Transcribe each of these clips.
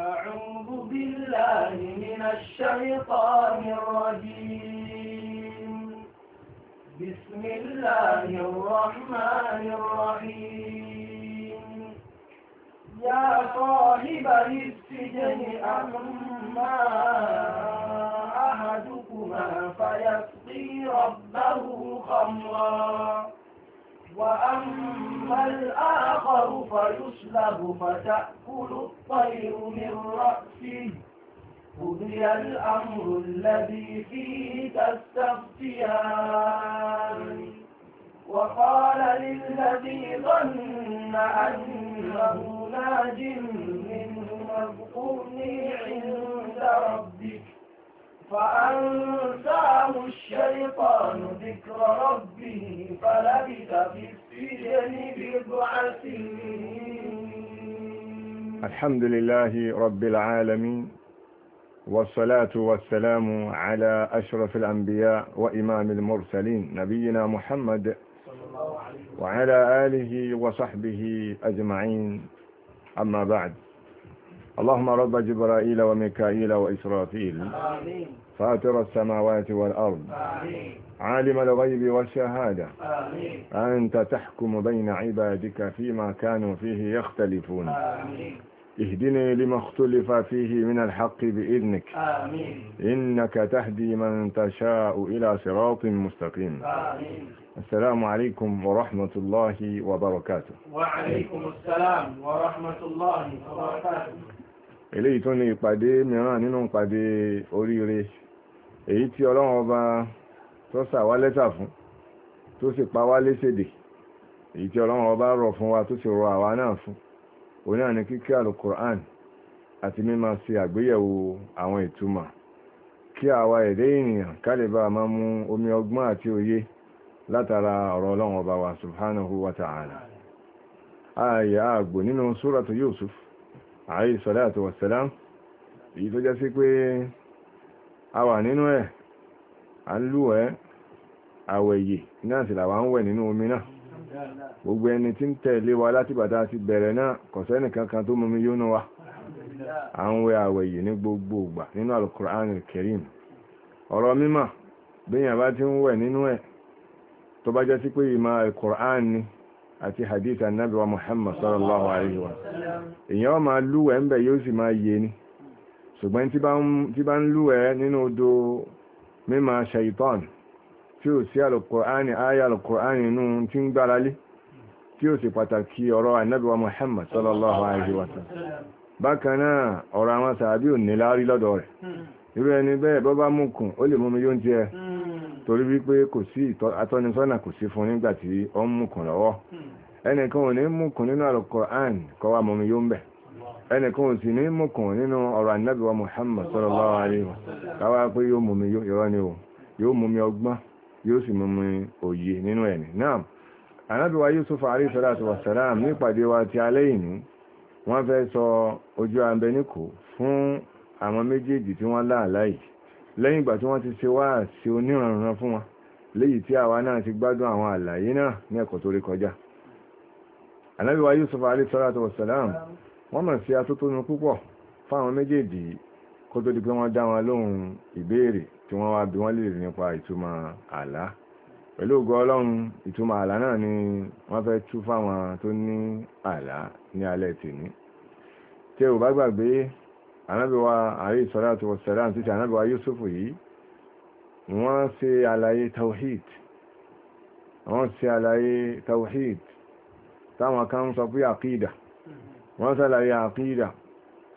أعوذ بالله من الشيطان الرجيم بسم الله الرحمن الرحيم يا صاحب السجن أما أحدكما فيسقي ربه خمرا وأما الآخر فيسلب فتأكل الطير من رأسه قضي الأمر الذي فيه تستفتيان وقال للذي ظن أنه ناج منه اذكرني عند ربك فأنساه الشيطان ذكر ربه فلبث في السجن بضع سنين الحمد لله رب العالمين والصلاة والسلام على أشرف الأنبياء وإمام المرسلين نبينا محمد وعلى آله وصحبه أجمعين أما بعد اللهم رب جبرائيل وميكائيل وإسرافيل آمين فاتر السماوات والأرض آمين. عالم الغيب والشهادة آمين. أنت تحكم بين عبادك فيما كانوا فيه يختلفون آمين. اهدني لما اختلف فيه من الحق بإذنك آمين. إنك تهدي من تشاء إلى صراط مستقيم آمين. السلام عليكم ورحمة الله وبركاته وعليكم السلام ورحمة الله وبركاته إليتني قدي ميراني ìpàdé mìíràn nínú èyí tí ọlọ́run ọba tó sà wá lẹ́sà fún tó sì pa wá léṣèdè èyí tí ọlọ́run ọba rọ̀ fún wa tó sì rọ̀ àwa náà fún òun náà ni kíkí alukur'an àti mímá ṣe àgbéyẹ̀wò àwọn ìtumọ̀ kí àwa èdè ènìyàn kálíbà máa mú omi ọgbọ́n àti òye látara ọ̀rọ̀ ọlọ́run ọba wa subhanahu wa ta'ala ààyè àgbò nínú súratu Yusuf alayhi salatu wassalam èyí tó jẹ́ sí pé a nínú ẹ̀ a ń lú ẹ̀ náà sì làwà ń wẹ̀ nínú omi náà gbogbo ẹni tí ń tẹ̀lé wa láti bàtà ti bẹ̀rẹ̀ náà kọ̀sẹ́nì kankan tó mọ́mí yónú wa a ń wẹ̀ ní gbogbo ìgbà nínú alukur'anil kerim ọ̀rọ̀ mímọ̀ bíyàn bá ti ń wẹ̀ nínú ẹ̀ tó bá jẹ́ sí pé ìmọ̀ ni àti hadith annabi muhammad sallallahu alaihi wa máa lúwẹ̀ ń bẹ̀ yóò sì máa yé ni ṣùgbọ́n tí bá ń lúwẹ̀ nínú odò mímọ̀ ṣaitan tí ó sí alùkùránì ayà alùkùránì inú tí ń gbára lé tí ó sì pàtàkì ọ̀rọ̀ ànábíwa Muhammad sallallahu alaihi wa ọ̀rọ̀ àwọn sàábí ò ní láárí lọ́dọ̀ rẹ̀ irú ẹni bẹ́ẹ̀ bọ́ bá mùkùn ó lè mọ́mí yóò jẹ́ torí wípé kò sí atọ́nisọ́nà kò sí fún nígbà tí ó ẹnìkan sì ní mọ̀kàn nínú ọ̀rọ̀ ànábì wa Muhammad sallallahu alaihi wasallam káwá pé yóò mú mi irọ́ ni o yóò mú mi ọgbọ́n yóò sì mú mi òye nínú ẹ̀nì náà ànábì wa Yusuf alaihi salatu wassalam ní ìpàdé wa ti alẹ́ ìní wọ́n fẹ́ sọ ojú abẹníkò fún àwọn méjèèjì tí wọ́n láàlá yìí lẹ́yìn ìgbà tí wọ́n ti ṣe wá sí oníranran fún wọn léyìí tí àwa náà ti gbádùn àwọn àlàyé náà ní ẹ̀kọ́ tó rí kọjá ànábì wa Yusuf alaihi salatu wassalam wọ́n mọ̀ sí atótónu púpọ̀ fáwọn méjèèjì kó tó di pé wọ́n dá wọn lóhùn ìbéèrè tí wọ́n wá bí wọ́n lè nípa ìtumọ̀ àlá pẹ̀lú ògo ọlọ́run ìtumọ̀ àlá náà ni wọ́n fẹ́ tú fáwọn tó ní àlá ní alẹ́ tèmi tí ò bá gbàgbé anábíwá alayhi salatu wa salam títí anábíwá Yusufu yìí wọ́n ṣe àlàyé tawhid táwọn kan sọ pé àkídà wọ́n sàlàyé àkídà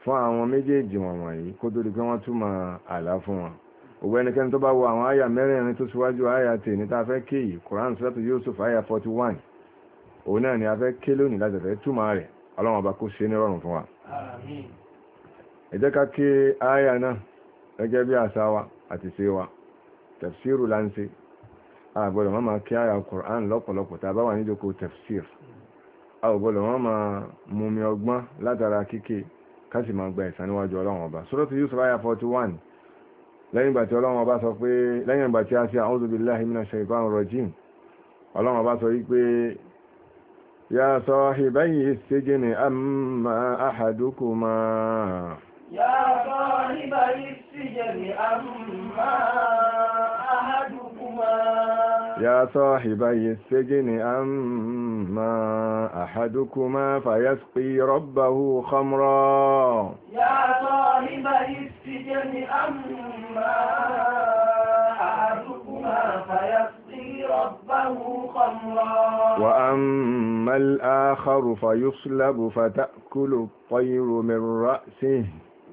fún àwọn méjèèjì wọ̀nyí kó tó di pé wọ́n túmọ̀ àlá fún wọn ògbẹ́ ẹnikẹ́ni tó bá wo àwọn àyà mẹ́rẹ̀ẹ̀rin tó síwájú àyà tèmi tá a fẹ́ ké yìí Quran sọ́tù Yusuf àyà 41 òun náà ni a fẹ́ ké lónìí láti fẹ́ túmọ̀ rẹ̀ ọlọ́run ọba kó ṣe ní rọrùn fún wa ẹ jẹ́ ká ké àyà náà gẹ́gẹ́ bí àṣà wa àti ṣe wa tafsiru láǹṣe àgbọ̀dọ̀ máa ké àyà Quran lọ́pọ̀lọpọ̀ tá a bá wà níjókòó tafsir a ò gbọ́dọ̀ wọ́n máa mumi ọgbọ́n látara kíkè ká sì máa gba ẹ̀san níwájú ọlọ́run ọba sọ́dọ̀ Yusuf aya 41. one lẹ́yìn ìgbà tí ọlọ́run ọba sọ pé lẹ́yìn ìgbà tí a ṣe a'udhu billahi minash shaitanir rajim ọlọ́run ọba sọ wípé ya sahibayi sijni amma ahadukuma ya sahibayi sijni amma يا صاحبي السجن أما أحدكما فيسقي ربه خمرا يا صاحبي السجن أما أحدكما فيسقي ربه خمرا وأما الآخر فيصلب فتأكل الطير من رأسه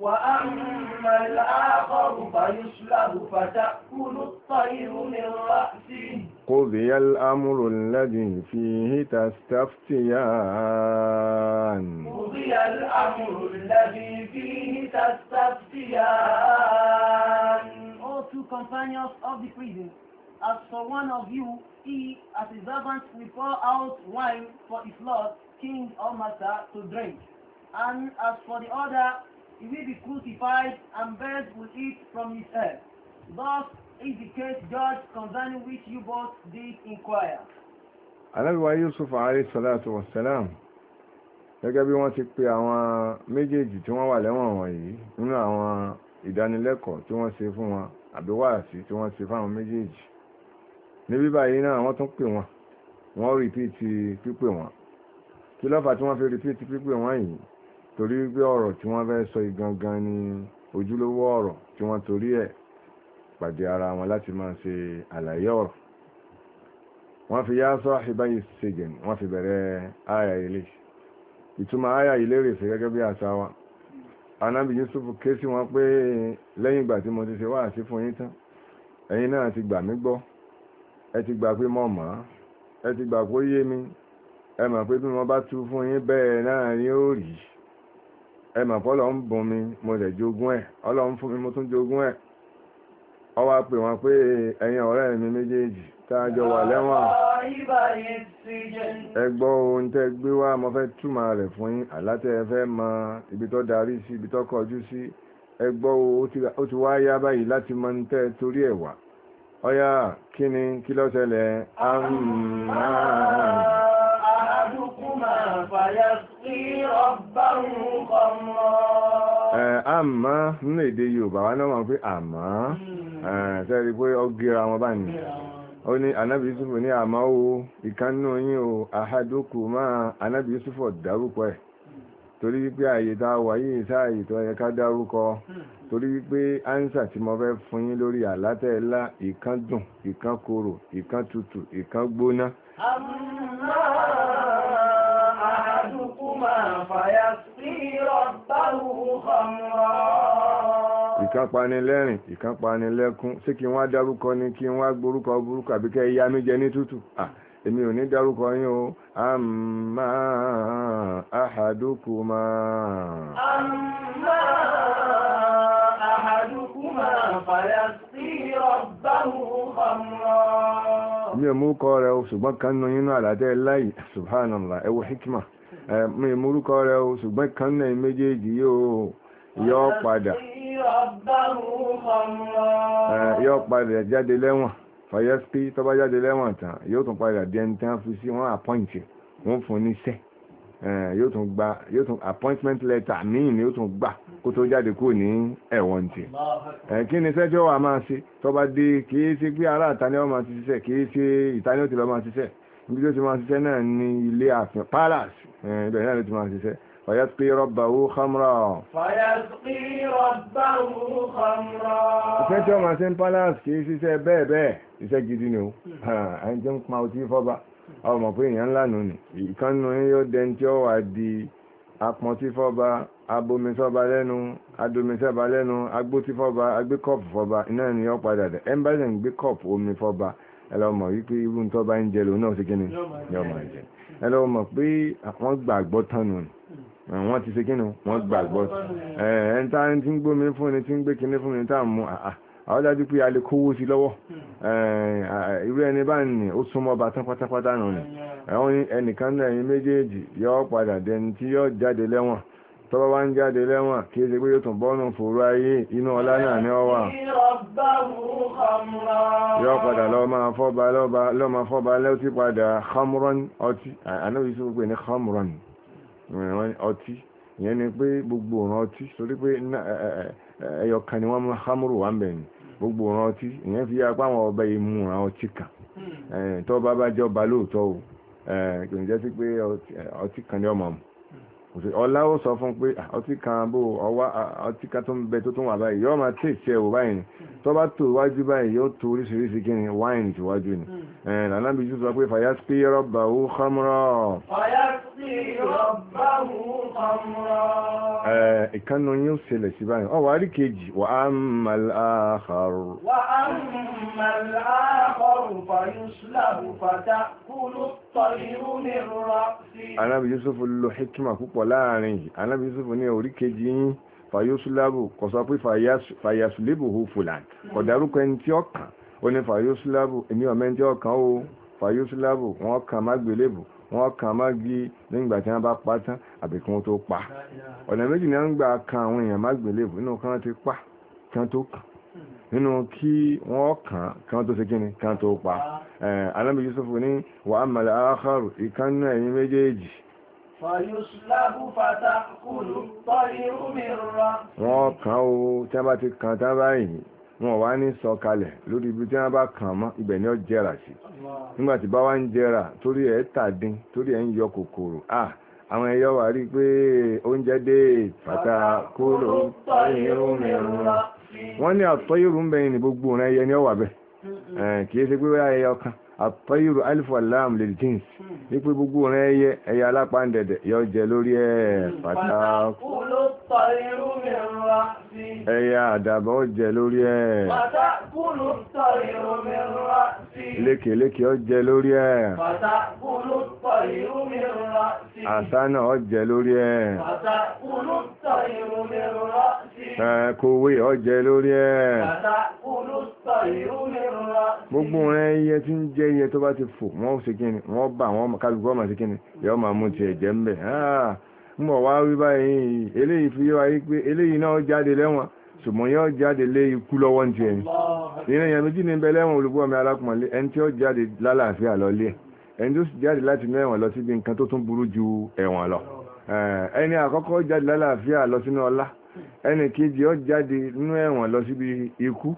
وأما الآخر فيسلب فتأكل الطير من رأسه قضي الأمر الذي فيه تستفتيان قضي الأمر الذي فيه تستفتيان O two companions of the prison, as for one of you, he, as a servant, will pour out wine for his lord, king or master, to drink. And as for the other, he will be crucified and birds will eat from his head. Thus is the case judged concerning which you both did inquire. Alábíwá Yusuf Alayhi Salatu wa Salam gẹ́gẹ́ bí wọ́n ti pe àwọn méjèèjì tí wọ́n wà lẹ́wọ̀n wọ̀nyí nínú àwọn ìdánilẹ́kọ̀ọ́ tí wọ́n ṣe fún wọn àbí wáàsí tí wọ́n ṣe fáwọn méjèèjì. Ní bíbá yìí náà wọ́n tún pè wọ́n, wọ́n rìpíìtì pípè wọ́n. Kí ló fà tí wọ́n fi rìpíìtì pípè wọ́n yìí? torí pé ọ̀rọ̀ tí wọ́n fẹ́ sọ igangan ni ojúlówó ọ̀rọ̀ tí wọ́n torí ẹ̀ pàdé ara wọn láti máa ṣe àlàyé ọ̀rọ̀ wọ́n fi yá sahibai sijin wọ́n fi bẹ̀rẹ̀ àyà ilé ìtumọ̀ àyà ilé rè sí gẹ́gẹ́ bí àṣà wa anábì Yusuf ké sí wọn pé lẹ́yìn ìgbà tí mo ti ṣe wáàsí fún yín tán ẹ̀yin náà ti gbà mí gbọ́ ẹ ti gbà pé mo mọ̀ ẹ ti gbà pé ó yé mi ẹ mọ̀ pé bí mo bá tú fún yín bẹ́ẹ̀ náà ni ó rí i ẹ mà pọ́ lọ ń bùn mi mo lè jogún ẹ̀ ọlọ́run fún mi mo tún jogún ẹ̀ ọ wá pè wọ́n pé ẹ̀yin ọ̀rẹ́ mi méjèèjì tá a jọ wà lẹ́wọ̀n ẹ gbọ́ ohun tẹ́ gbé wá mo fẹ́ túmọ̀ rẹ̀ fún yín àlátẹ́ ẹ fẹ́ mọ ibi tó darí sí ibi tó kọjú sí ẹ ó ti wá yá báyìí láti mọ tẹ́ torí ẹ̀ wà ọ̀yà kí ni kí ló ṣẹlẹ̀ àmì náà. فيسقي ربه خمرا àmọ́ nínú èdè Yorùbá wa náà wọ́n pé àmọ́ tẹ́rí hmm. pé ó gíra wọn bá ní hmm. ó ní anábì Yusufu ní àmọ́ o ìkánú yín o àhádókù máa anábì Yusufu dárúkọ ẹ̀ torí wípé ààyè tá a wà yìí sáàyè tó yẹ ká dárúkọ hmm. torí wípé ánsà tí mo fẹ́ fún yín lórí àlátẹ́ẹ̀lá ìkan dùn ìkan korò ìkan tutù ìkan gbóná. àmọ́ أحدكما فيسقي ربه خمرا ìkan pani lẹ́rìn ìkan pani lẹ́kún ṣé kí wọ́n dárúkọ ni kí wọ́n gborúkọ burúkú àbí kẹ́ ìyá mi jẹ ní tútù èmi ò ní dárúkọ yín o àmà àhàdùkùmá àmà àhàdùkùmá fàyà sí ọgbàhùn ọmọ mi ò mú kọ́ rẹ̀ o ṣùgbọ́n kan nù yínú àlàdé láì subhanallah ẹ wo hikima mi ò mú kọ́ rẹ̀ o ṣùgbọ́n kan nù méjèèjì yóò yọ padà yọ padà jáde lẹ́wọ̀n fàyẹ́sí tó bá jáde lẹ́wọ̀n tán yóò tún padà di ẹni tí wọ́n fi sí wọ́n àpọ́ǹtì e, wọ́n fún níṣẹ́ yóò tún gba appointment letter míì ni yóò tún gbà kó tó jáde kúrò ní ẹ̀wọ̀n tiẹ̀ kí ni sẹ́jọ́ wa máa ṣe tó bá dé kìí ṣe pé ará ìtaní ọmọ ti ṣiṣẹ́ kìí ṣe ìtaní ó ti lọ máa ṣiṣẹ́ ibi tó ti máa ṣiṣẹ́ náà ní ilé àfin palace ibẹ̀ náà ló ti máa ṣiṣẹ́ fàyàtùkì rọ́bàwó khamra fàyàtùkì rọ́bàwó khamra iṣẹ́ tí ọmọ ṣe ń palace kìí ṣiṣẹ́ bẹ́ẹ̀ bẹ́ẹ̀ iṣẹ́ gidi ni ó ẹni tí ń pa ọtí fọ́ba ọmọ pé èèyàn ńlá nù ní ìkànnì abomisọ́ba lẹ́nu adomisọ́ba lẹ́nu agbótí fọ́ba agbé kọ́ọ̀pù fọ́ba iná ni yọ́ padà dẹ̀ ẹmbàṣẹ̀ ń gbé kọ́ọ̀pù omi fọ́ba ẹlọ́mọ̀ wípé irú ń tọ́ba ń jẹ lòun náà sí kíni yọ́mọ̀ jẹ ẹlọ́mọ̀ pé wọ́n gbàgbọ́ tán nù wọ́n ti ṣe kíni wọ́n gbàgbọ́ tán ẹ̀ẹ́n tá ń tí ń gbómi fún ni tí ń gbé kíní fún ni tá à ń mú àà àwọn dájú pé a lè kówó sí lọ́wọ́ irú ẹni bá ní ó súnmọ́ bá tán pátápátá nù ni ẹnìkan náà ẹ̀yin méjèèjì yọ padà dẹni tí yọ jáde lẹ́wọ̀n tọ́bọ̀ wá ń jáde lẹ́wọ̀n kí é ṣe pé yóò tún bọ́nù fòrò ayé inú ọlá náà ní ọwà yóò padà lọ máa fọ́ba lọ máa fọ́ba lẹ́ọtí padà hamron ọtí anábìsí pé ní hamron ọtí ìyẹn ni pé gbogbo ọ̀ràn ọtí torí pé ẹyọ kan ni wọ́n mú hamron wà ń bẹ̀ ni gbogbo ọ̀ràn ọtí ìyẹn fi apá àwọn ọbẹ̀ yìí mú ọtí kan tọ́ bá bá jọba lóòótọ́ o kì jẹ́ sí pé ọtí kan ní ọmọ mu ọlá ó sọ fún pé ah, ọtí kan bó ọwá ah, ọtí kan tó ń bẹ tó tún wà báyìí yóò máa tèèsì ẹ̀wò báyìí ni tó bá tó wájú báyìí yóò tó oríṣiríṣi kí ni wáìnì tíwájú ni hmm. ẹ̀ẹ́n lànà sọ pé fàyà sí rọ́bà ó fàyà ìkánu yóò ṣẹlẹ̀ sí báyìí ọ wà rí kejì wà á màláàkàrù wà á màláàkàrù fàyúsùláàbù fàtà kúlù tọ̀lú ní rọ́rọ́ sí anábi yusufu lò hikima púpọ̀ láàrin yìí anábi yusufu ní orí kejì yìí fàyúsùláàbù kò sọ pé fàyàsùlébù hù fúlàn kò ẹni tí ọkàn ó ní fàyúsùláàbù èmi ọ̀mẹ́ni tí ọkàn ó fàyúsùláàbù wọn kàn má gbélébù wọ́n kàn má gbé nígbà tí wọ́n bá pa tán àbí kí wọ́n tó pa ọ̀nà méjì ni wọ́n ń gbà kan àwọn èèyàn má gbélébù nínú kan ti pa kan tó kàn nínú kí wọ́n kàn kan tó ṣe kíni kan tó pa alábi Yusuf ní wà á màlẹ̀ aláàkàrù ìkánná ẹ̀yìn méjèèjì wọ́n kàn ó tí wọ́n bá ti kàn tá báyìí wọn wá ní sọ̀kalẹ̀ lórí ibi tí wọ́n bá kàn mọ́ ibẹ̀ ni ó jẹ́ra sí nígbàtí bá wá ń jẹ́ra torí ẹ̀ tàdín torí ẹ̀ ń yọ kòkòrò à àwọn ẹyọ wà rí pé oúnjẹ dé pàtà kúrò wọ́n ní ní gbogbo rẹ̀ ẹyẹ ni ó wà kì í ṣe pé àpẹ́yìrò alifu alam lè jins ní pé gbogbo rẹ̀ ẹyẹ ẹyẹ alápáǹdẹ̀dẹ̀ yọ jẹ lórí ẹ̀ pàtàkù ẹyẹ àdàbọ̀ jẹ lórí ẹ̀ lékèlékè ọ jẹ lórí ẹ̀ àsánà ọ jẹ lórí ẹ̀ kòwé ọ jẹ lórí ẹ̀ gbogbo rẹ̀ ẹyẹ tí ń jẹ ẹyẹ tó bá ti fò wọ́n ṣe kíni wọ́n bà wọ́n kálukú ọmọ ṣe kíni yọ máa mú tiẹ̀ jẹ́ ńbẹ̀ ń ah, bọ̀ wá wí báyìí eléyìí fi yọ ayé pé eléyìí náà jáde lẹ́wọ̀n ṣùgbọ́n yóò jáde lé ikú lọ́wọ́ ti ẹni nínú èèyàn méjì ní bẹ́lẹ́wọ̀n olùgbọ́ mi alákùnmọ̀lé ẹni tí ó jáde lálàáfíà lọ lé ẹni tó jáde láti inú ẹ̀wọ̀n lọ síbi nǹkan tó tún burú ju ẹ̀wọ̀n lọ eh, ẹni àkọ́kọ́ jáde lálàáfíà lọ sínú ọlá ẹni kejì ó jáde nínú ẹ̀wọ̀n lọ síbi ikú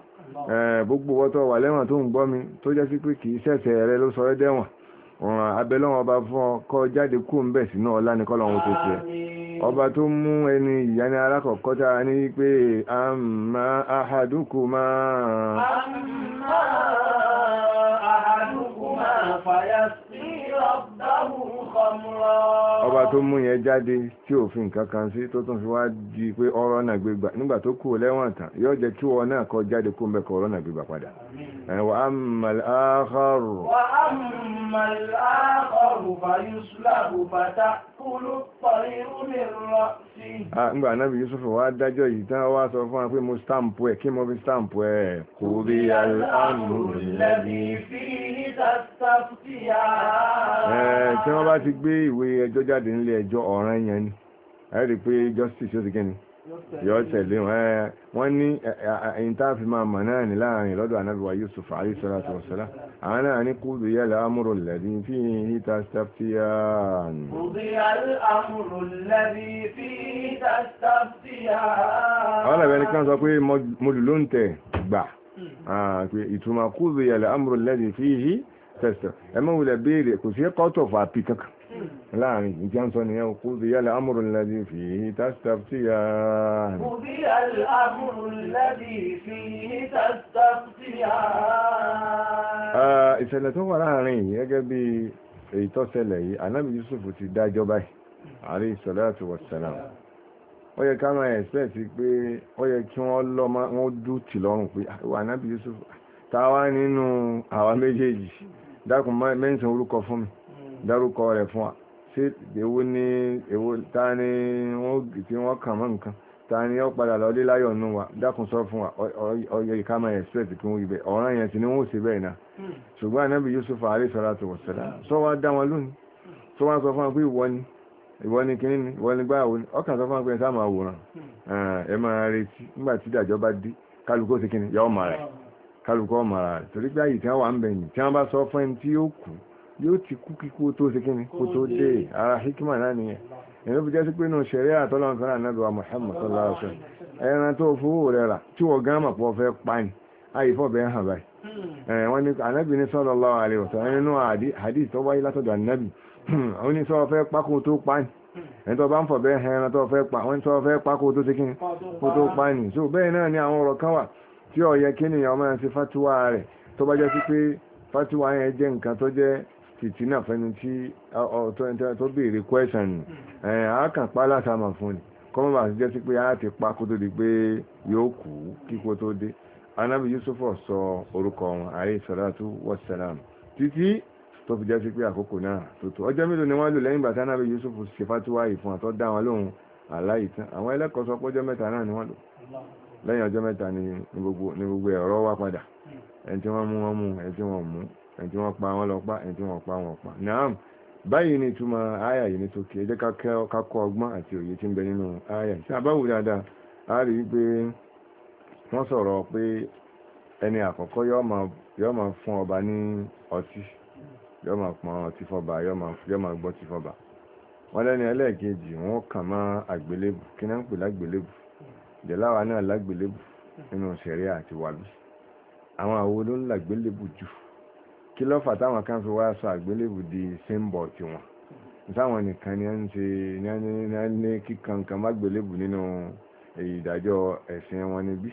gbogbo wọ́tọ̀ wà lẹ́wọ̀n tó ń gbọ́ mi tó jẹ́ sí pé kì í ṣẹ̀ṣẹ̀ rẹ ló sọ ẹ́ dẹ́wọ̀n ọ̀ràn abẹ́lọ́wọ̀n ọba fún ọ kọ́ jáde kú ń bẹ̀ sínú ọlá ní kọ́lọ́hún tó tiẹ̀ ọba tó mú ẹni ìyáni alákọ̀ọ́kọ́ tá a ní pé àmà àhàdùkù máa àmà àhàdùkù máa fàyàsì ọba tó mú yẹn jáde tí òfin kankan sí tó tún fi wá di pé ọ̀rọ̀ náà gbégbà nígbà tó kú lẹ́wọ̀n tán yóò jẹ́ kí wọn náà kọ jáde kó mẹ́kọ̀ọ́ ọ̀rọ̀ náà gbégbà padà وأما الآخر وأما الآخر فيسلب فتأكل الطير من رأسه آه نبقى النبي يوسف وادجو يتاوى سوفان في مستامبو كي مو بستامبو قضي الأمر الذي فيه تستفتيان tí wọ́n bá ti gbé ìwé ẹjọ́ jáde nílé ẹjọ́ ọ̀ràn yẹn ni ẹ rí yọ tẹ̀lé wọn wọ́n ní ẹ̀yìn tá a fi máa mọ̀ náà ní láàrin lọ́dọ̀ anábíwá Yusuf alayhi salatu wa salam àwọn náà ní kúrò yẹ láàmúrò lẹ́bí fi yìí ta staftiyan. àwọn làbẹ́ ní kan sọ pé mo lù ló ń tẹ̀ gbà hmm. ìtumọ̀ kúrò yẹ láàmúrò lẹ́bí fi yìí tẹ̀sítọ̀ ẹ̀mọ́ wulẹ̀ béèrè kò sí kọ́tọ̀ fà pì kankan láàrin ìjá ń sọ ni yẹn kú bí yálẹ̀ amúrù lẹ́dí fi tàstàftì yá kú bí yálẹ̀ amúrù lẹ́dí fi tàstàftì yá ìṣẹ̀lẹ̀ tó wà láàrin yìí gẹ́gẹ́ bí èyí tó ṣẹlẹ̀ yìí anábì Yusuf ti dájọ́ báyìí alayhi salatu wassalam ó yẹ ká máa ẹ̀sẹ̀ sí pé ó yẹ kí wọ́n lọ wọ́n dú tì lọ́rùn pé ah, wà anábì Yusuf táwa nínú àwa méjèèjì dákun mẹ́sàn orúkọ fún mi dárúkọ rẹ̀ fún wa ṣé èwo ni èwo ta ni wọ́n tí wọ́n kàn mọ́ nǹkan ta ni ó padà lọ dé láyọ̀ nù wa dákun sọ fún wa ọyọ ìkámẹ́ express kí wọ́n ibẹ̀ ọ̀ràn yẹn ti ni wọ́n ṣe bẹ́ẹ̀ náà hmm. ṣùgbọ́n anábì Yusuf alayhi salatu wassalam hmm. sọ wá dá wọn lónìí hmm. sọ wá sọ fún wa pé ìwọ ni ìwọ ni kìíní ni ìwọ ni gbáàwó ni ọkàn sọ fún wa pé ẹ sáà máa wòran ẹ máa retí nígbà tí ìdájọ́ bá dé kálukú ó ti kìíní yọ ọmọ rẹ kálukú ọmọ rẹ torí pé àyè tí wọn wà ń bẹ̀yìn tí wọn bá sọ fún ẹni tí yóò kú yóò ti kú kíkú tó ṣe kó tó dé ara hikima náà nìyẹn ẹ̀rọ fi jẹ́ sí pé inú ṣẹ̀rẹ́ àtọ́lọ́run fẹ́ràn náà wa Muhammad sallallahu alaihi wasallam ẹran tó fowó rẹ̀ rà tí wọ́n gán mà fẹ́ ni ayé fọ́ bẹ́ẹ̀ hàn báyìí hmm. sallallahu alaihi wasallam tó wáyé látọ̀dọ̀ anábì ó ní fẹ́ pákó tó hmm. ẹni tó bá ń fọ̀ bẹ́ẹ̀ hàn tó fẹ́ pa so tìtì náà fẹ́ni tí tó béèrè question nù àákàn hmm. pa látàmà fún ni kọ́mọ́ bá ti jẹ́ sí pé a ti pa kó tó di pé yóò kú kíkó tó dé anábì Yusuf sọ orúkọ wọn alayhi salatu wassalam títí tó fi jẹ́ sí pé àkókò náà tó tó ọjọ́ mélòó ni wọ́n lò lẹ́yìn bàtà anábì Yusuf ṣe fatiwa ìfún àtọ́ dá wọn lóhun aláìtàn àwọn ẹlẹ́kọ̀ọ́ sọ pé ọjọ́ mẹ́ta náà ni wọ́n lò ẹni tí wọ́n pa wọ́n lọ pa ẹni tí wọ́n pa wọ́n pa naam báyìí ni ìtumọ̀ àyà yìí ní tókè ẹjẹ́ ká kọ́ ọgbọ́n àti òye tí ń bẹ nínú àyà tí a bá wù dáadáa a rí pé wọ́n sọ̀rọ̀ pé ẹni àkọ́kọ́ yọ́ máa fún ọba ní ọtí yọ́ máa pọn ọtí fọba yọ́ máa gbọ́ ti fọba wọ́n lẹ́ni ẹlẹ́ẹ̀kejì wọ́n kàn mọ́ àgbélébù kí náà ń pè lágbélébù jẹ̀láwa náà lágbélébù nínú sẹ̀ríà àti wàlú àwọn àwo ló ń làgbélébù jù kí lọ́fà táwọn kan fi wá sọ àgbélébù di símbọ̀ tiwọn táwọn nìkan ni wọ́n ti ní kíkan kan má gbélébù nínú ìdájọ́ ẹ̀sìn wọn níbí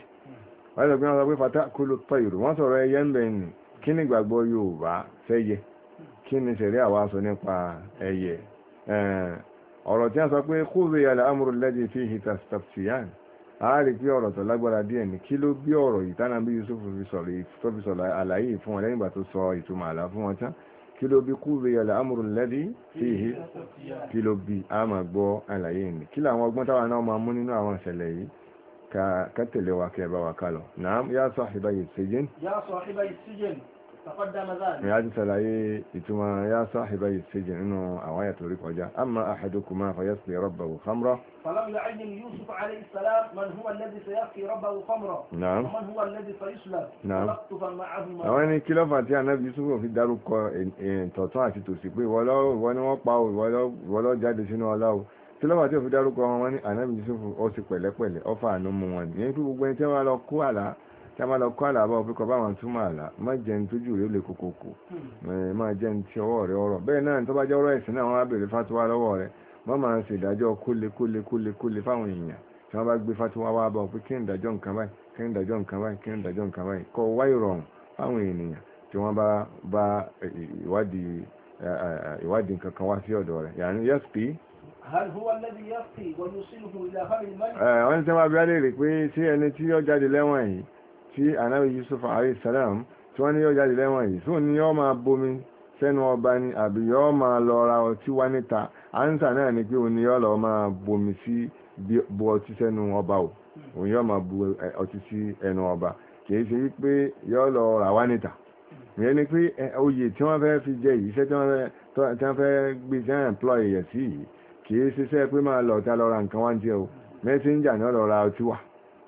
wọ́n sọ pé wọ́n sọ pé fata kúlù tọ́yìrù wọ́n sọ̀rọ̀ ẹyẹ ń bẹ̀ ni kí ni ìgbàgbọ́ Yorùbá sẹ́yẹ kí ni sẹ̀rí àwa sọ nípa ẹyẹ ọ̀rọ̀ tí wọ́n sọ pé kúrò yàrá amúrò lẹ́dí fi hìtà stapsiyan ààrẹ pé ọ̀rọ̀ tó lágbára díẹ̀ ní kí ló bí ọ̀rọ̀ yìí tánà bí Yusuf fi sọ̀rọ̀ àlàyé fún wọn ìgbà sọ ìtumọ̀ maala fún wọn kí ló bí kúrò yàlá amúrùn lẹ́dí sí ìhé kí ló bí a máa gbọ́ àlàyé ní kí làwọn ọgbọ́n táwa náà máa mú nínú àwọn ìṣẹ̀lẹ̀ yìí ká tẹ̀lé wa kẹ́ bá wa ìyájú sàlàyé ìtumọ̀ ya sáàhìbá ìsẹ́jì nínú àwáyà tó rí kọjá amma ahadukumā fayasqī rabbahu khamra فلم يعجل يوسف عليه السلام من هو الذي سيسقي ربه خمرا نعم ومن هو الذي سيسلب نعم فلقطفا معهما àwọn ẹni kí ló fà tí ànábì Yusuf fi dárúkọ tọ̀tún àti tòsì pé ìwọ ni wọ́n pa ò ìwọ ló jáde sínú ọlá o tí lọ́wọ́ tí ò fi dárúkọ wọn ní ànábì Yusuf ó sì pẹ̀lẹ́pẹ̀lẹ́ ó fàánú mú wọn ní pé gbogbo ẹni tí wọ́n lọ kó àlá tí a máa lọ kọ́ àlàbà òpíkọ̀ bá wọn túmọ̀ àlà má jẹ́ ní tójú rẹ̀ ó lè kókòkò hmm. eh, má jẹ́ ní ti ọwọ́ rẹ̀ ọ̀rọ̀ bẹ́ẹ̀ náà tó bá jẹ́ ọ̀rọ̀ ẹ̀sìn náà wọ́n á béèrè fatuwa lọ́wọ́ rẹ̀ má máa ń ṣe ìdájọ́ kólé kólé kólé kólé fáwọn èèyàn tí wọ́n bá gbé fatuwa wá bá ọ pé kí ń dájọ́ nǹkan báyìí kí ń dájọ́ nǹkan báyìí kí ń dájọ́ nǹkan báyìí kọ́ wá ìrọ̀rùn fáwọn ènìyàn tí wọ́n bá bá eh, ìwádìí eh, ìwádìí nǹkan wá sí ọ̀dọ̀ rẹ̀ yàrá yẹ́sì pé wọ́n ti máa bí wá lè rí pé sí ẹni tí ó jáde lẹ́wọ̀n yìí tí anábì Yusuf alayhi salam tí wọ́n ní yóò jáde lẹ́wọ̀n yìí tó ní yóò máa bomi sẹ́nu ọba ni àbí yóò máa lọ ra ọtí wá níta ánsà náà ni pé òun yóò lọ máa bomi sí bu ọtí sẹ́nu ọba o òun yóò máa bu ọtí sí ẹnu ọba kìí ṣe wípé yóò lọ rà wá níta ìyẹn ni pé oyè tí wọ́n fẹ́ fi jẹ yìí iṣẹ́ tí wọ́n fẹ́ gbé tí wọ́n employ yẹ̀ sí yìí kìí ṣiṣẹ́ pé máa lọ ta lọ ra nǹkan wá ń jẹ o mẹ́sẹ̀njà náà lọ ra ọtí wà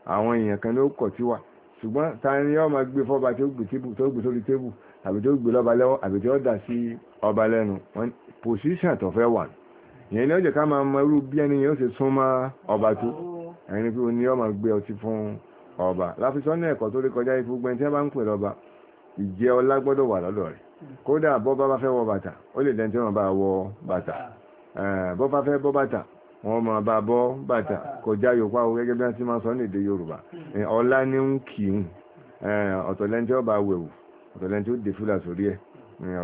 àwọn èèyàn kan ló kọ̀ tí wà ṣùgbọ́n ta ni yọ́ máa gbé fọ́ba tó gbé sórí tébù àbí tó gbé lọ́ba lẹ́wọ́ àbí tó dà sí ọba lẹ́nu pòṣíṣàn tó fẹ́ wà ìyẹn ni ó jẹ́ ká máa mọ irú bí ẹni yẹn ó ṣe súnmọ́ ọba tó ẹni pé ni yọ́ máa gbé ọtí fún ọba láfisọ́ ní ẹ̀kọ́ tó lè kọjá ifú gbẹ́ni tí wọ́n bá ń pè lọ́ba ìjẹ ọlá gbọ́dọ̀ wà lọ́dọ̀ rẹ̀ kódà bọ́ bá fẹ́ wọ bàtà ó lè dẹ́ntẹ́ wọn bá wọ bàtà bọ́ bá fẹ́ bọ́ bàtà wọ́n máa bá bọ́ bàtà kọjá yòókù àwọn gẹ́gẹ́ bí wọ́n ti máa sọ ní èdè Yorùbá ọlá ní ń kì í ọ̀tọ̀lẹ́ntì ọba wẹ̀wù ọ̀tọ̀lẹ́ntì ó dé fúlà sórí ẹ̀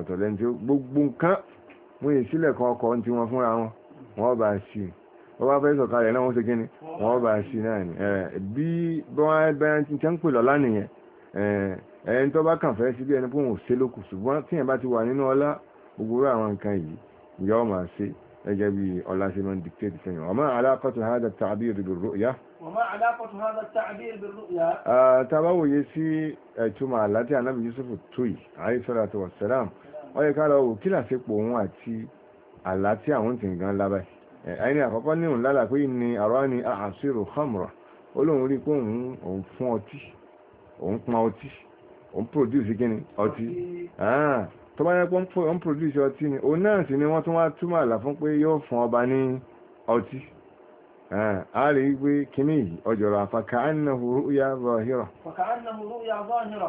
ọ̀tọ̀lẹ́ntì gbogbo nǹkan wọ́n yìí sílẹ̀ kan ọkọ̀ tí wọ́n fúnra wọn wọ́n bá sí i wọ́n bá fẹ́ sọ̀kalẹ̀ náà wọ́n ṣe kí ni wọ́n bá sí náà ni bí wọ́n bá ń tẹ́ ń pè lọ́lá nìyẹn ẹni tó bá kàn fẹ́ sí bí ẹni pé òun ò ṣe lókù ṣùgbọ́n tíyẹn bá ti wà nínú ọlá gbogbo àwọn nǹkan yìí ìyá máa ṣe gẹ́gẹ́ bí ọlá ṣe máa ń dictate fún yàn ọmọ alákọ̀tún hádà tàbí ìrìbìrò yá tàbáwòye sí ẹ̀tùmọ̀ àláti anábì yusufu tóyì àìsọ́láàtì wàsálàm ọyẹ ká lọ́wọ́ kí làṣẹ pò òun àti àláti àwọn tí ń gan lábẹ́ ẹni àkọ́kọ́ ní òun lálàá pé ní àrọ́ ni àṣírò hamra olóhùn rí pé òun fún ọtí òun pọn ọtí òun produce kíni ọtí tó bá yẹ pé ó produce ọtí ni òun náà sì ni wọ́n tún wá túmọ̀ àlà fún pé yóò fún ọba ní ọtí a rí wípé kíní yìí ọjọ́rọ̀ àfàkà ánà ya zọ́hírọ̀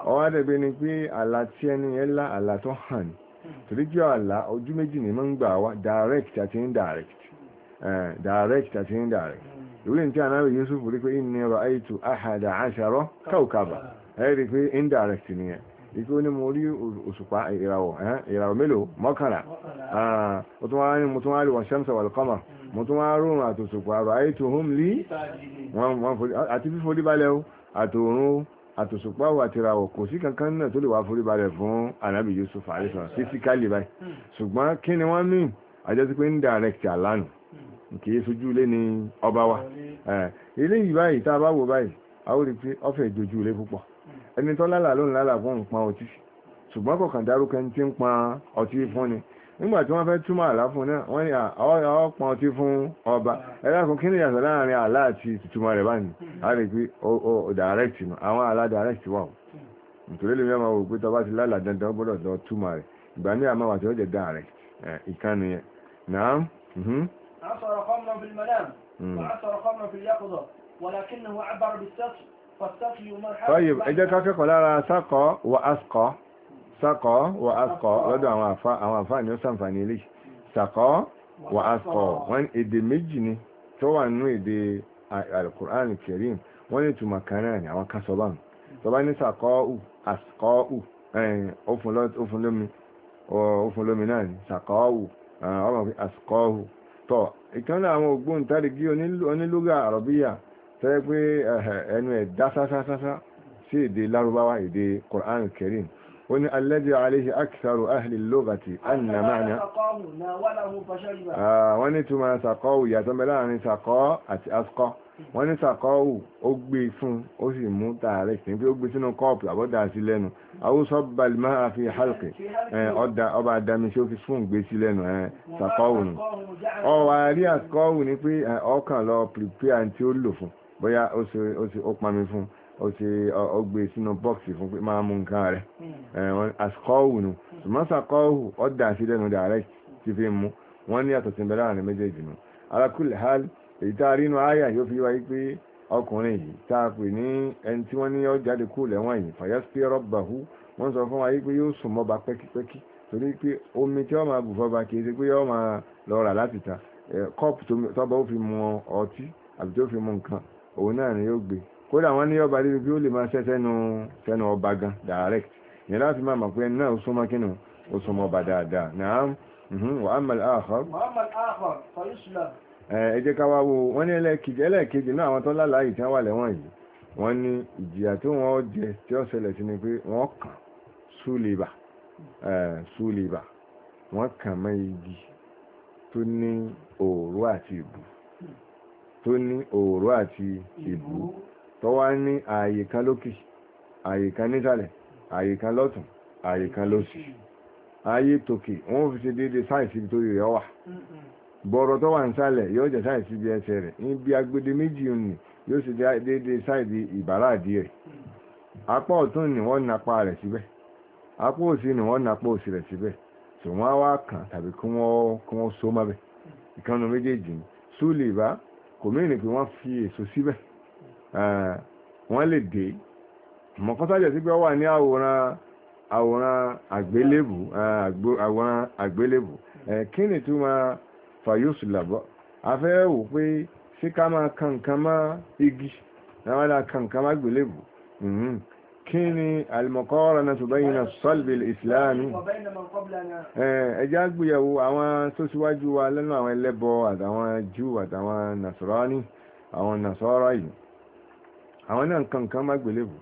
ọwá dẹ̀bẹ̀ ni pé àlà tí ẹni ẹlá àlà tó hàn ní hmm. torí jẹ́ àlà ojú méjì ni mọ́ ń gbà wá direct àti indirect direct àti indirect hmm. tí a Yusuf rí pé indirect ìpé ó ní mo rí òṣùpá ìràwọ̀ ìràwọ̀ mélòó mọ́kànlá ah, mo tún wá ní mo tún wá rí wàṣẹ́mṣà wal qamar hmm. mo tún wá rúrun àtòṣùpá ra'aytuhum lí àti fíforí balẹ̀ o àtòrun àtòṣùpá wà tìràwọ̀ kò sí kankan náà tó lè wá forí balẹ̀ fún anábì Yusuf àríṣàn físíkálì báyìí hmm. ṣùgbọ́n kí ni wọ́n mìíràn àjọsí pé ń direct àlánù hmm. kìí sojú ilé ni ọba wa eh, eléyìí báyìí tá a bá wò báyìí a ó rí pé ọfẹ ìjojú ilé púpọ̀ ẹni tó lálà ló ń lálà fún nǹkan ọtí ṣùgbọ́n kọ̀kan dárúkọ ẹni tí ń pọn ọtí fún ni nígbà tí wọ́n fẹ́ túmọ̀ àlá fún náà wọ́n ní ọ̀pọ̀ ọtí fún ọba ẹlẹ́kùn kí ni ìyàtọ̀ láàrin àlá àti ìtumọ̀ rẹ̀ báyìí a lè fi direct nù àwọn àlá direct wà o nítorí lè mẹ́wàá wò pé tọba ti lálà dandan gbọ́dọ̀ lọ túmọ̀ rẹ̀ ìgbà ní àmọ́ àti ọjọ́ direct ìkànnì yẹn náà. عصر خمرا في المنام وعصر خمرا في اليقظة ولكنه عبر بالسطر tọ́yìí ẹ jẹ́ ká kẹ́kọ̀ọ́ lára sákọ̀ wà áskọ̀ sákọ̀ wà áskọ̀ lọ́dọ̀ àwọn àfá àwọn àfá ni ó sàǹfààní ilé sákọ̀ wà áskọ̀ wọ́n èdè méjì ni tó wà nínú èdè alukur'an kerim wọ́n ní tùmọ̀ kan náà ni àwọn kan sọ báwọn tó bá ní sákọ̀ ù áskọ̀ ù òfun lómi náà ni sákọ̀ ù ọmọ àskọ̀ ù tọ́ ìkan náà ògbóǹtarìgì onílùgà àrọ̀bíyà tẹ́lẹ̀ pé ẹnu ẹ̀ dá sásásásá sí èdè lárúbáwá èdè Qur'an Karim ó ní alladhi alayhi aktharu ahli al-lughati wọ́n ní túmọ̀ sàkọ́wù yàtọ̀ mẹ́lá sàkọ́ àti asqọ́ wọ́n ní sàkọ́wù ó gbé e fún ó sì mú tààrẹ sí pé ó gbé e sínú kọ́ọ̀pù àbọ́dà sí lẹ́nu àwùsọ balima àfi halkì ọba adami ṣe ó fi fún gbé sí lẹ́nu sàkọ́wù ni ọwà rí àkọ́wù ni pé ọkàn lọ pìpìà tí ó lò fún bóyá ó ṣe ó ṣe ó pami fún ó ṣe ọgbẹ́ sínú bọ́ọ̀sì fún pé máa mú nǹkan rẹ̀ ẹ̀wọ̀n hmm. eh, àṣkọ́ọ̀hù nù hmm. ṣùgbọ́n ṣàkọ́ọ̀hù ọ̀dà sí lẹ́nu dàrẹ́ ti fi mú wọ́n ní àtọ̀tí ìbẹ̀rẹ̀ àrùn méjèèjì nù alákùlẹ̀ hàl èyí tá a rí inú àyà yóò fi wáyé pé ọkùnrin yìí tá a pè ní ẹni tí wọ́n ní ó jáde kú lẹ́wọ̀n yìí fàyẹ́sì rọ́bàhù wọ́n sọ fún wa pé yóò sùn mọ́ba pẹ́kípẹ́kí torí pé omi tí wọ́n máa bù fọ́ba kì í ṣe pé yóò máa lọ rà láti ta kọ́ọ̀pù eh, tọ́ba ó fi mu ọtí àbí tó fi mu nǹkan òun náà ni yóò gbé kódà wọ́n ní ọba débi pé ó lè máa ṣẹ́ sẹ́nu sẹ́nu ọba gan direct ní láti máa mọ̀ ẹni náà ó súnmọ́ kínú ó súnmọ́ ọba dáadáa náà wà á ẹ jẹ́ ká wá wo wọ́n ní ẹlẹ́ẹ̀kejì ẹlẹ́ẹ̀kejì náà àwọn tó lálàá yìí tí wà lẹ́wọ̀n yìí wọ́n ni pé wọ́n kàn súlìbà súlìbà wọ́n kàn tó ní òòró àti ìbú tó wá ní ààyè kan lókè ààyè kan nísàlẹ̀ ààyè kan lọ́tún ààyè kan ààyè tòkè wọ́n fi ṣe déédéé sáìsì tó rí rẹ̀ wà bọ̀rọ̀ tó wà nísàlẹ̀ yóò jẹ́ sáìsì bí ẹsẹ̀ rẹ̀ níbi agbede méjì nì yóò ṣe déédéé sáìsì ìbàrá àdí apá ọ̀tún ni wọ́n napa rẹ̀ síbẹ̀ apá rẹ̀ síbẹ̀ kàn tàbí kí so ìkànnì méjèèjì súlì kò mìíràn pé wọ́n fi èso síbẹ̀ eh, wọ́n lè dé mọ̀kọ́sájẹ̀ sí pé ó wà ní àwòrán àwòrán àgbélébù eh, àwòrán àgbélébù eh, kí ni tó máa fàyóòsù làbọ́ afẹ́ wò pé ṣé ká máa kankan má igi náà wọ́n dá kankan má gbélébù mm-hmm. lakini almukorana na as-salb al-islam eh ejagbu yawo awon to si waju wa lenu awon lebo adawon ju adawon nasrani awon nasrani awon nan kan kan magbelebu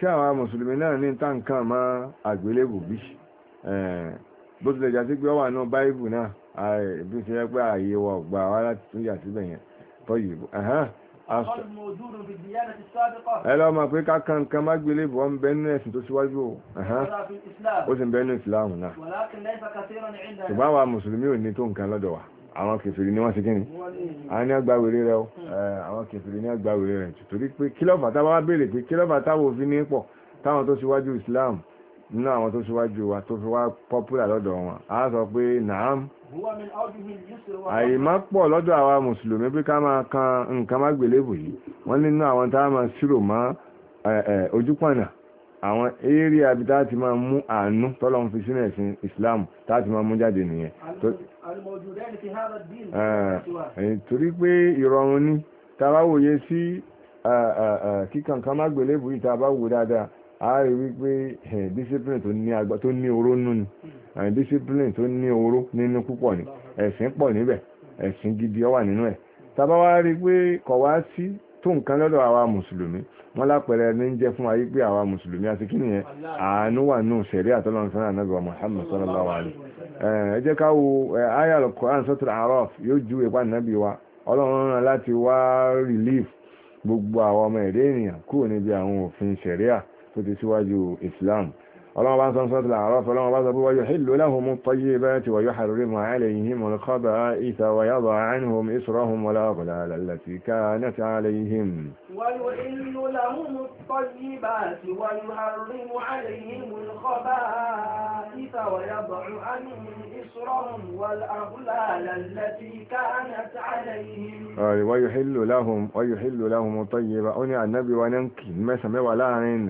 se awon muslimin na ni tan kan ma agbelebu bi eh bo le ja se gbe wa na bible na ai bi se pe aye lati tun yi ẹ lọ mọ̀ pé kákan nǹkan má gbélé bọ́ ń bẹ́nu ẹ̀sìn tó síwájú o ó sì ń bẹ́nu ìsìláàmù náà ṣùgbọ́n àwa mùsùlùmí ò ní tó nǹkan lọ́dọ̀ wa àwọn kèfèrè ni wọ́n ṣe kíni àwọn ní àgbà wèrè rẹ o àwọn kèfèrè ní àgbà wèrè rẹ torí pé kílọ̀fà táwọn wá béèrè pé kílọ̀fà táwọn òfin ní pọ̀ táwọn tó síwájú ìsìláàmù nínú àwọn tó síwájú wa tó fi wá pọ́pùlà lọ́dọ̀ wọn á sọ pé nàám àyè má pọ̀ lọ́dọ̀ àwa mùsùlùmí bí ká máa kan nǹkan má gbélébù yìí wọ́n nínú àwọn tá a máa ṣírò mọ́ ojúpọ̀nà àwọn eré àbí tá a ti máa mú àánú tọ́lọ́ ń fi sínú ẹ̀sìn Islam tá a ti máa mú jáde nìyẹn. torí pé ìrọ̀rùn ni tá a bá wòye sí kíkan kan má gbélébù yìí tá a bá wò dáadáa a rí wípé eh, discipline tó ní agbá tó ní oró nú ni hmm. discipline tó ní oró nínú púpọ̀ ni ẹ̀sìn pọ̀ níbẹ̀ ẹ̀sìn gidi wà nínú ẹ̀ tàbá wá rí pé kọ̀ wá sí tó nǹkan lọ́dọ̀ àwa mùsùlùmí wọn lápẹẹrẹ ní jẹ́ fún ayé pé àwa mùsùlùmí àti kí nìyẹn àánú wà nù sẹ̀rí àtọ́lọ́run sọ́nà ànábì wa Muhammad eh, ẹ ju ìpá nàbí wa ọlọ́run láti wá gbogbo àwọn ọmọ ẹ̀dẹ́ ènìyàn kúrò níbi àwọn òfin sẹ̀ríà tó ti síwájú Islam ọlọ́run bá ń sọ sọ́tìlà àrọ́ fọlọ́run bá sọ pé wáyọ̀ hìlú láhùn mú tọ́yé bá ti wáyọ̀ hàrúrí mọ̀ àlẹ́yìn mọ̀ kọ́bà ìta wáyọ̀ bọ̀ àánihùn ìṣòrohùn wọlá ọ̀bọ̀lá lálàtí ká náà àlẹ́yìn. wáyọ̀ hìlú láhùn mú tọ́yé bá ti wáyọ̀ hàrúrí mọ̀ àlẹ́yìn mọ̀ kọ́bà ìta wáyọ̀ bọ̀ àánihùn ìṣòrohùn wọlá ọ̀bọ̀lá lálàtí ká náà àlẹ́yìn. wáyọ̀ hìlú láhùn mú tọ́yé bá ó ní ànábì wa náà kì í mẹ́sàn-án mẹ́wàá láàrin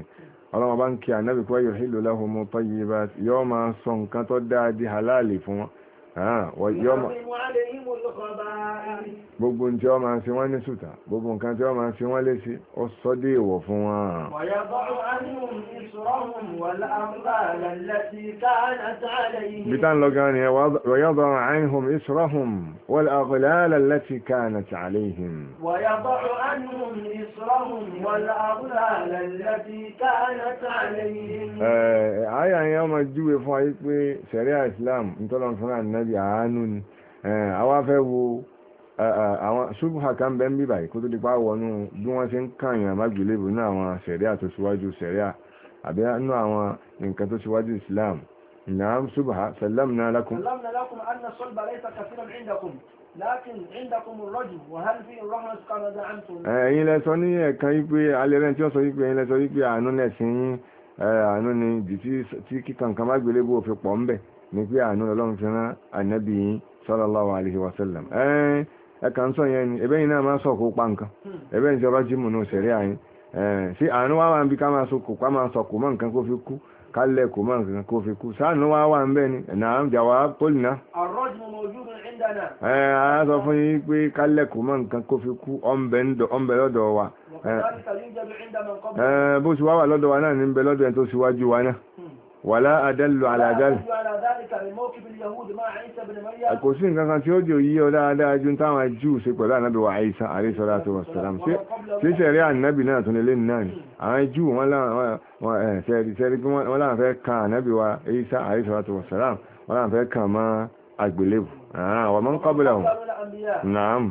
ọlọ́wọ́n bá ń kí ànábì pé yóò hìlò láhùn mọ́ tọ́yìí bá yọ́ máa sọ nǹkan tó dáa di halálì fún wọn gbogbo ń tí ọ máa ṣe wọ́n ní sùtà gbogbo nǹkan tí ọ máa ṣe wọ́n léṣe ó sọ dé ìwọ̀ fún wọn. bítà ń lọ gan ni wọ́yọ́dọ̀ àìhùn ìṣòrọ̀hùn wọ́n àgbẹ̀lẹ́ lẹ́tì káànà tí àléhìn. àyà yẹn ọmọ júwe fún ayé pé sẹ̀ríà Islam ń tọ́lọ́ fún ànábì ànábì àánú ni àwa fẹ́ wo àwọn ṣubúhà kan bẹ́ẹ̀ ń bí báyìí kó tó di pa wọnú bí wọ́n ṣe ń kàyàn májúlébù ní àwọn sẹ̀ríà tó síwájú sẹ̀ríà àbí nínú àwọn nǹkan tó síwájú Islam نعم سبحة سلمنا لكم سلمنا لكم أن الصلب ليس كثيرا عندكم لكن عندكم الرجل وهل في الرحمة كما زعمتم ẹ̀yin lẹ sọ ní ẹ̀kan wípé alẹ́rẹ́ tí wọ́n sọ wípé ẹ̀yin lẹ sọ wípé àánú nẹ̀sìn àánú ni ìdí tí kíkan kan má gbélébó òfin pọ̀ ń bẹ̀ ní pé àánú ọlọ́run fi rán ànábì yín sallallahu alaihi wasallam ẹ́ẹ́ ẹ̀ka ń sọ yẹn ni ẹ̀bẹ́ yìí náà máa sọ̀kò pa nǹkan ẹ̀bẹ́ ìjọba jí múnú sẹ̀rí àyín sí àánú wá wà ń bí ká máa sọ̀kò pa máa sọ̀kò mọ́ nǹkan kó fi kú kálẹ̀ kò mọ́ nǹkan kó fi kú sáànù wá wà ń bẹ́ ni ẹ̀nà àjàwà pólìnà. ẹ̀ á mọ́ nǹkan kó fi náà ní wàlá àdẹ́lù àlàdẹ́lù kò sí nǹkan kan tí ó jò yí ọ dáadáa jù táwọn jù sí pẹ̀lú ànábì wa àìsàn àríṣọ́lá tó wà sàlám sí sẹ̀rí ànábì náà tún lélẹ́ náà ni àwọn jù wọ́n láwọn fẹ́ kan ànábì wa àìsàn àríṣọ́lá tó wà sàlám wọ́n láwọn fẹ́ kan mọ́ àgbélébù àwọn mọ́ ń kọ́bùlà hùn naam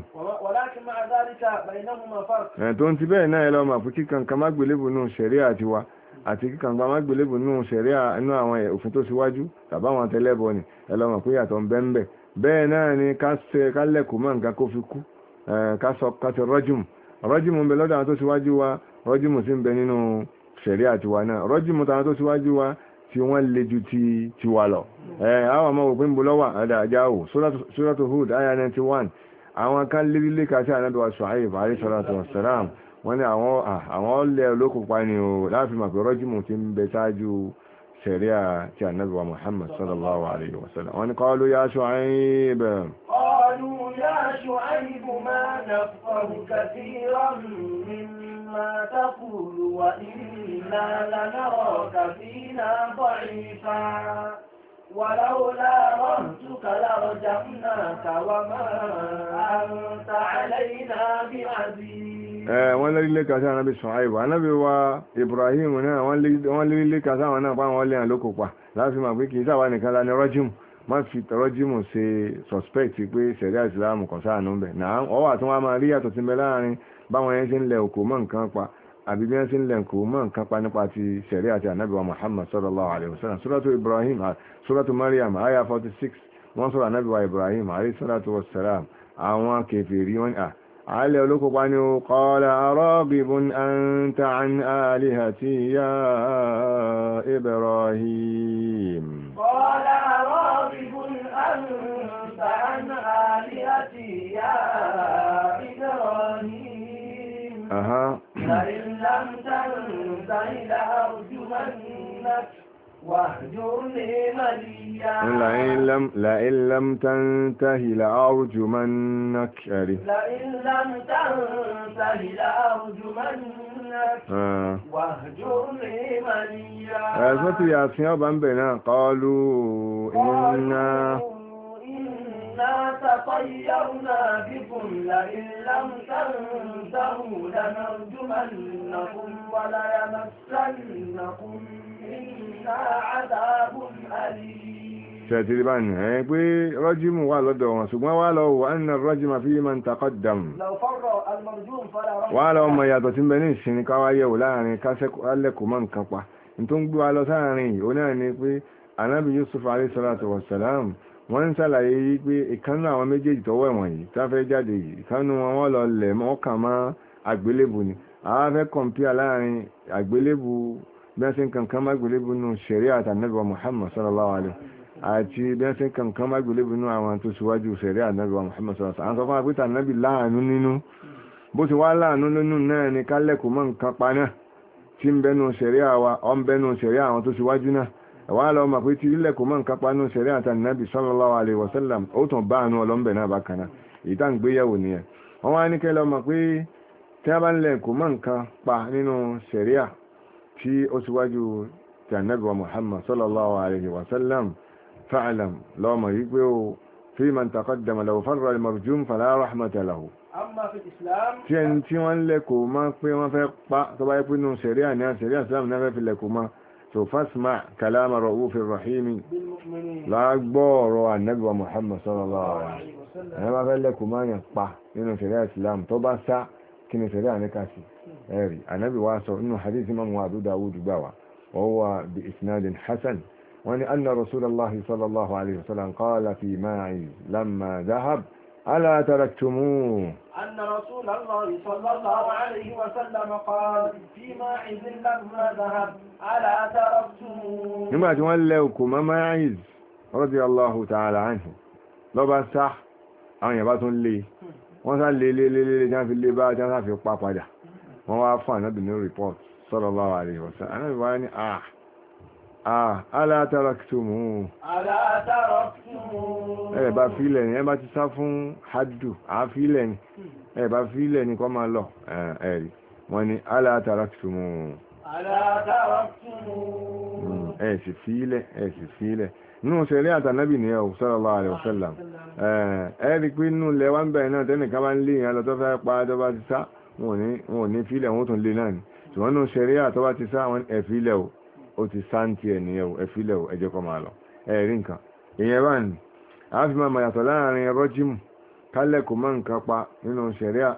tó ń ti bẹ́ẹ̀ náà ẹ lọ́mọ àti kíkàngbà má gbélébù nínú sẹ̀ríà inú àwọn òfin tó síwájú tàbáwọn tẹlẹ́bọ ni ẹlọ́mọ̀ pé yàtọ̀ ń bẹ́ bẹ́ẹ̀ náà ni ká lẹ́kù mọ́ nǹkan kó fi kú ká sọ rọ́jùmù rọ́jùmù ń bẹ lọ́dọ̀ àwọn tó síwájú wa rọ́jùmù sì ń bẹ nínú sẹ̀ríà tiwa náà rọ́jùmù tàwọn tó síwájú wa tí wọ́n le ju ti tiwa lọ àwọn ọmọ òpin bó lọ́wà àdájá ò Suratu Hud aya 91 àwọn kan lérílé kàtí ànábẹ́wà Ṣuaib alayhi wọ́n ní àwọn àwọn ọ̀lẹ́ olókùn pa ni o láàfin mọ̀ pé rọ́jìmù ti ń bẹ ṣáájú sẹ̀ríà ti ànábì wa Muhammad sallallahu alayhi wa sallam wọ́n ní qalu ya Shu'aib qalu ya Shu'aib ma nafqahu kathiran ولولا رهتك لرجمناك وما أنت علينا بعزيز wọ́n lérí lé kàtà ànábì Ṣuaibu ànábì wa Ibrahim náà wọ́n lérí lé kàtà àwọn náà pàwọn lè hàn lókò pa láti máa pé kì sáwà nìkan la ní rọ́jìmù má fi rọ́jìmù ṣe suspect pé sẹ̀ríà ìsìlámù kọ̀sáànù bẹ̀ náà ọwọ́ àtúnwá máa rí yàtọ̀ sí bẹ láàrin báwọn yẹn ṣe ń lẹ òkò mọ́ nǹkan pa àbí bí wọ́n ti ń lẹ̀ kó mọ́ nǹkan pa nípa ti sẹ̀rí àti ànábì wa Muhammad sallallahu alayhi wa sallam suratu Ibrahim suratu Maryam aya forty six wọ́n sọ̀rọ̀ ànábì wa Ibrahim alayhi salatu wa salam àwọn kèfèrí wọn à àálẹ̀ olókópa ni ó qala aragibun anta an alihati ya Ibrahim qala aragibun anta an alihati ya Ibrahim أها لئن لم تنتهي لأرجمنك واهجرني مليا لئن لم لئن لم تنتهي لأرجمنك لئن لم تنتهي لأرجمنك آه. واهجرني مليا أزمت يا بن بنا قالوا إنا إنا تطيرنا بكم لئن لم تنتهوا لنرجمنكم وليمسنكم منا عذاب أليم tẹ̀tìrì bá ní ẹ̀ pé rọ́jìmù wà lọ́dọ̀ wọn ṣùgbọ́n wà lọ wà ní rọ́jìmù fi man taqaddam wà lọ ọmọ yàtọ̀ tí ń ní ìsinmi káwáyẹ̀wò láàrin kálẹ̀kù mọ́ nǹkan pa tó ń gbé wa lọ sáàrin yìí ó náà ni pé anábì Yusuf alayhi salatu wassalam wọ́n ń sàlàyé yí pé ìkánú àwọn méjèèjì tọ́wọ́ ẹ̀wọ̀n yìí táfẹ́ jáde yìí ìkánú wọn wọ́n lọ lẹ̀ mọ́ kàn mọ́ àgbélébù ni àwọn afẹ́ láàrin àgbélébù bẹ́ẹ̀sìn kankan mágbélébù nù ṣẹ̀ríà àtànẹ́bọ̀ Muhammad sallallahu alaihi àti bẹ́ẹ̀sìn kankan mágbélébù nù àwọn tó síwájú ṣẹ̀ríà àtànẹ́bọ̀ Muhammad sallallahu alaihi àwọn sọ fún àpẹta ànábì láàánú nínú bó ni kálẹ̀kùn mọ́ nǹkan pa náà wa ọ̀ ń bẹ́nu ṣẹ̀ríà wà lọ mọ̀ pé tí ilẹ̀ kò mọ́ nǹkan panú ṣẹ̀rí àtànàbì sallallahu alaihi wasallam ó tàn bá àánú ọlọ́m̀bẹ̀ náà bákaná èyí tá ń gbéyẹ̀wò nìyẹn wọ́n wá ní kẹ́ lọ mọ̀ pé tí a bá ń lẹ̀ kò mọ́ nǹkan pa nínú ṣẹ̀rí à tí ó síwájú tànàbì wa Muhammad sallallahu alaihi wasallam fa'lam lọ́mọ̀ yí pé ó fi man taqaddama law farra al so fasma kalama ra'ufin rahimi lágbọ́ọ̀rọ̀ annabiwa muhammad sallallahu alaihi wasallam ẹ̀yẹ́ bá fẹ́ lẹ́kùn máa yàn pa nínú ṣẹ̀rẹ́ islam tó bá sá kí ni ṣẹ̀rẹ́ àníkàsí ẹ̀rì annabiwa sọ inú hadith imam wa abu dawud gbà wá wọ́wọ́ bi isnadin hasan wọ́n ni anna rasulallah sallallahu alaihi wasallam qala fi ma'iz lamma zahab ألا تركتموه أن رسول الله صلى الله عليه وسلم قال فيما عز لما ذهب ألا تركتموه نبقى تولوكم ما عز رضي الله تعالى عنه لو بسح àwọn èèyàn bá tún lé wọ́n sá lé lé lé lé jẹ́ fi lé bá jẹ́ sáfi pa padà wọ́n wá fún ànábì ní report sallallahu alaihi wasallam ànábì wá ní àà Ah, ala taraktumu. Ala taraktumu. Ẹ bá fílẹ̀ ni, ẹ bá ti sá fún haddu, a fílẹ̀ ni, ẹ bá fílẹ̀ ni kọ́ máa lọ, ẹ̀rí. Wọ́n ni ala taraktumu. Ala taraktumu. Mm, ẹ sì fílẹ̀, ẹ sì fílẹ̀. Nú sẹ̀rí àtànábì ni ẹ̀ sallallahu alaihi wasallam. Ẹ rí pé nú lẹ́wà ń bẹ̀rẹ̀ náà tẹ́nìkan bá ń lé ìyẹn lọ tó fẹ́ pa tó bá ti sá, wọn ò ní fílẹ̀ wọn ó tún lé náà ni. Ṣùgbọ́n nú sẹ̀rí àtọ́ bá ti sá, wọn ẹ̀ o ó ti sáǹtì ẹ̀ nìyẹn o ẹ̀fílẹ̀ o ẹ̀jẹ̀ kọ́ máa lọ ẹ̀rí nǹkan ìyẹn bá ní a fi máa mayàtọ̀ láàrin rọ́jìmù kálẹ̀kù mọ́ nǹkan pa nínú sẹ̀ríà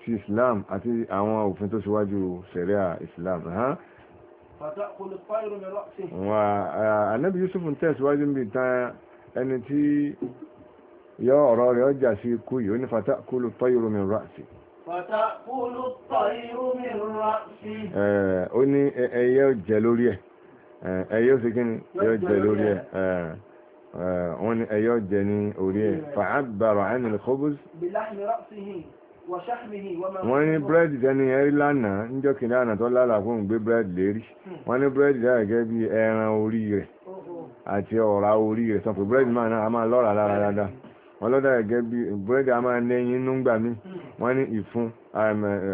ti Islam àti àwọn òfin tó síwájú sẹ̀ríà Islam anábi Yusuf ń tẹ̀síwájú níbi tán ẹni tí yọ ọ̀rọ̀ rẹ̀ ọjà sí ikú yìí ó ní fata kúlù tọ́yìrù mi rà sí ó ní ẹyẹ jẹ lórí ẹ̀ ẹyọ sí kí ni ẹyọ jẹ lórí ẹ wọ́n ní ẹyọ jẹ ní orí ẹ fàábàrọ̀ àìní kọ́bùs wọ́n ní búrẹ́dì tẹ́ni ẹrí lánàá níjọ́ kìnní àná tó lálàá fún gbé búrẹ́dì lérí hmm. wọ́n ní búrẹ́dì dáàgẹ́ bí ẹran orí rẹ̀ oh, oh. àti ọ̀rá orí rẹ̀ sọ pé máa náà a máa lọ́ra lára dáadáa wọ́n lọ́dà gẹ́gẹ́ bí búrẹ́dì a máa ní ẹyin inú gbà mí wọ́n ní ìfun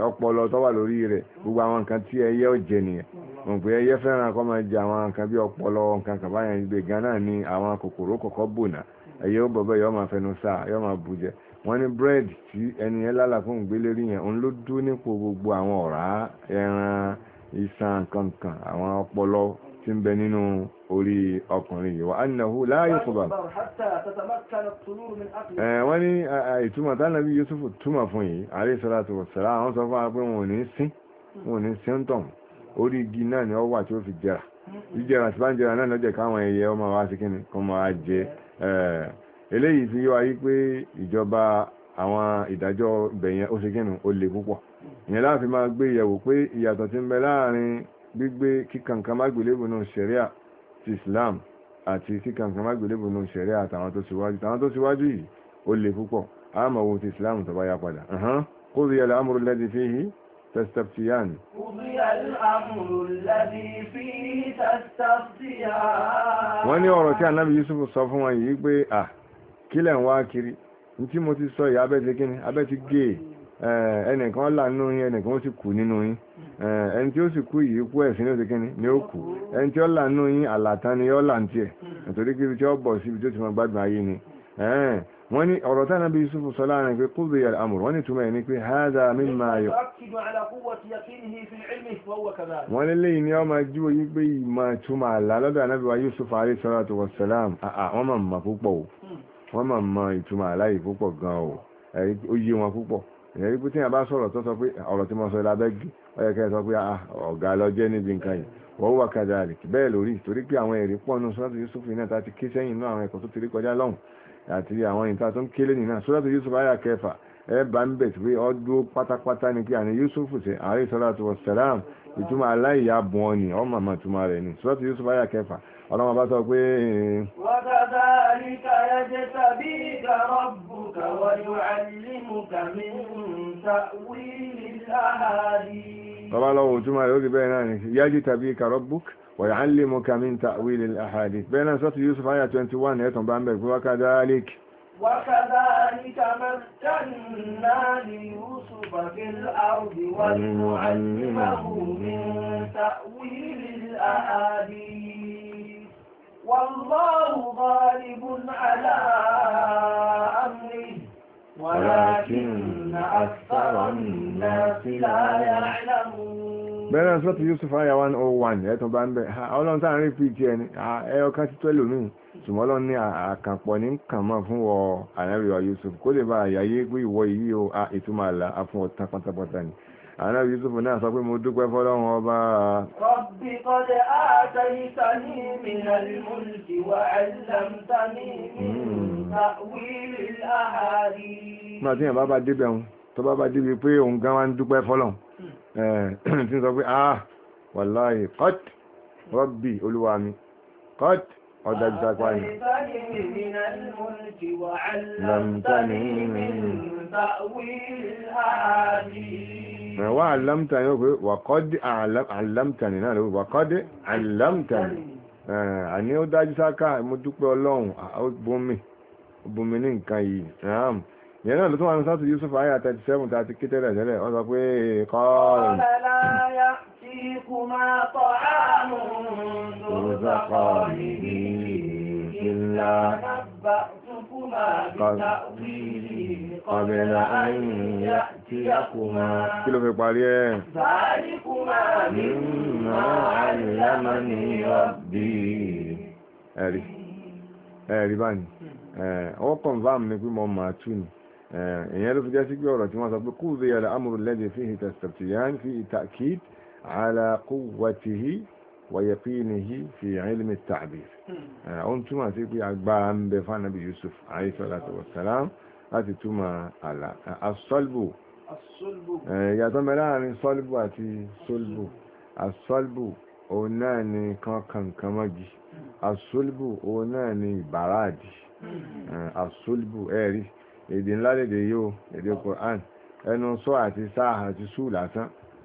ọpọlọ tó wà lórí rẹ̀ gbogbo àwọn nǹkan tí ẹyẹ ò jẹ nìyẹn mo pè ẹyẹ fẹ́ràn kọ́ máa jẹ àwọn nǹkan bí ọpọlọ nǹkan kàbáyàn gbé gan náà ní àwọn kòkòrò kọ̀kọ́ bònà ẹyẹ ó bọ̀bọ̀ yọ máa fẹnu sáà yọ máa bù jẹ wọ́n ní búrẹ́dì tí ẹni yẹn lálà fún ìgbélé yẹn òun ló dúró nípò gbogbo àwọn ọ̀rá ẹran iṣan kankan àwọn ọpọlọ tí ń bẹ nínú orí ọkùnrin yìí wà annahu la yuqbal wọ́n ní ìtumọ̀ tánàbí Yusuf túmọ̀ fún yìí alayhi salatu wassalam àwọn sọ fún apẹ́ wọn ò ní sín wọn ò ní sín tọ̀ orí igi náà ni ó wà tí ó fi jẹrà jíjẹrà tí bá ń jẹrà náà lọ́jẹ̀ káwọn ẹyẹ ọmọ wa sí kíni kọ́ mọ́ wa eléyìí fi yọ ayé pé ìjọba àwọn ìdájọ́ bẹ̀yẹn ó sì kíni ó le púpọ̀ ìyẹn láàfin máa gbé ìyẹ̀wò pé ìyàtọ̀ ti ń bẹ láàrin gbígbé kíkànkan mágbélébù nù ṣẹ̀ríà ti Islam àti kíkànkan mágbélébù nù ṣẹ̀ríà àtàwọn tó síwájú tàwọn tó yìí ó le púpọ̀ àmọ́ ti Islam tó bá yá padà qudhiya al-amru alladhi fihi تستفتيان قضي الأمر الذي فيه تستفتيان wọ́n ní ọ̀rọ̀ tí ànábì Yusuf sọ fún wọn yìí pé à kílẹ̀ ń wá kiri ní tí mo ti sọ yìí abẹ́ ti gé e. Eh, ẹnìkan là nínú yín ẹnìkan ó sì kú nínú yín eh, ẹni tí ó sì kú yìí kú ẹ̀sìn ní oṣù kínní ni ó kú ẹni tí ó là nínú yín ni ó là ń ibi tí ó bọ̀ sí ibi tí ó ti ni eh, wọ́n ní ọ̀rọ̀ Yusuf sọ láàrin pé wọ́n ní túmọ̀ ẹ̀ ní pé máa yọ. wọ́n ní ni ọmọ ju oyin pé ìmọ̀ túmọ̀ àlá lọ́dọ̀ wa Yusuf alayhi salatu ìyẹn rí pé tí yẹn bá sọ̀rọ̀ tó sọ pé ọ̀rọ̀ tí mo sọ ilé abẹ́gì ọ̀yẹ́ kẹ́ sọ pé ah, ọ̀gá lọ́jẹ́ níbi nǹkan yìí wọ́n wà kájà rẹ̀ bẹ́ẹ̀ lórí torí pé àwọn ẹ̀rí pọ̀ nù sọ́dọ̀ Yusuf náà tàbí ké sẹ́yìn náà àwọn ẹ̀kọ́ tó ti rí kọjá lọ́hùn àti àwọn ìta tó ń kélé nìyà sọ́dọ̀ Yusuf ayà kẹfà ẹ bá ń bẹ̀ pé ọdún pátápátá ni pé àní Yusuf ṣe àárẹ̀ sọ́dọ̀ àti wọ́n sẹ́lám ìtumọ̀ aláìyá bùn ọ́ ni ọ́ màmá ìtumọ̀ rẹ̀ ni sọ́dọ̀ Yusuf ayà kẹfà ọlọ́wọ́ bá sọ pé bàbá lọ́wọ́ túnmà yóò rí bẹ́ẹ̀ náà ni yájí tàbí kàrọ́bùk wọ̀yà án lè mọ́ kàmí ta wílì àhàdì bẹ́ẹ̀ náà sọ́tù Yusuf ayà 21 ẹ̀tàn bá ń bẹ̀ fún wákàdáálìkì وكذلك مكنا والله غالب على أمره ولكن أكثر لا يعلمون bẹ́ẹ̀rẹ̀ sọ́tù Yusuf ayà 101 ẹ̀tùn bá ń bẹ̀ ọlọ́run sáà ń rí pìtì ẹni ẹyọ ká títọ́ ẹlòmíì ṣùgbọ́n ọlọ́run ní àkànpọ̀ ní kànmọ́ fún wọ ànábìwá Yusuf kó lè bá àyàyé pé ìwọ yìí o ìtumọ̀ àlà afún ọ̀tán pátápátá ni àná Yusuf náà sọ pé mo dúpẹ́ fọ́lọ́run ọba Rabbi qad ataytani minal mulki wa 'allamtani min hmm. ta'wilil ahadith nígbà tí yàn bá bá débẹ̀ òun tó bá bá débi pé òun gan wá ń dúpẹ́ fọ́lọ́run hmm. eh, tí ń sọ pé ah wàláhì qad Rabbi olúwa mi qad ọ̀dá ìjàpá yìí. Lọ́mtánì min ta'wilil wà àlámtà yóò pé wàkọ́dé àlámtàní náà lórí wàkọ́dé àlámtàní àní ó dájú sáká mo dúpẹ́ ọlọ́run bómi bómi ní nǹkan yìí yẹn náà ló tún wà ní sátú Yusuf ayé àtàtì sẹ́fún tàti kí tẹ́lẹ̀ tẹ́lẹ̀ wọ́n sọ pé kọ́ọ̀rùn Ìlànà bá قبل أن يأتيكما كله في قارئ ذلكما مما علمني ربي ẹ̀rí ẹ̀rí báyìí ọ kọ̀nvám ni pé mo máa tú ni ìyẹn ló fi jẹ́ sí pé ọ̀rọ̀ tí wọ́n sọ pé kúrò yàrá amúrú lẹ́dẹ̀ẹ́ fi hìtà sàtìyàn fi ìtàkìd àlàkúwàtìhì ويقينه في علم التعبير أون تما تيكي أقبام بفانا بيوسف عليه الصلاة والسلام أتي تما الصلب الصلب يا تمران صلب أتي صلب الصلب òun náà ni kankankamọ́gi asólíbù òun náà ni bàràdì asólíbù ẹ̀rí èdè ńlá lèdè yóò èdè Qur'an ẹnu sọ àti sáà àti sú lásán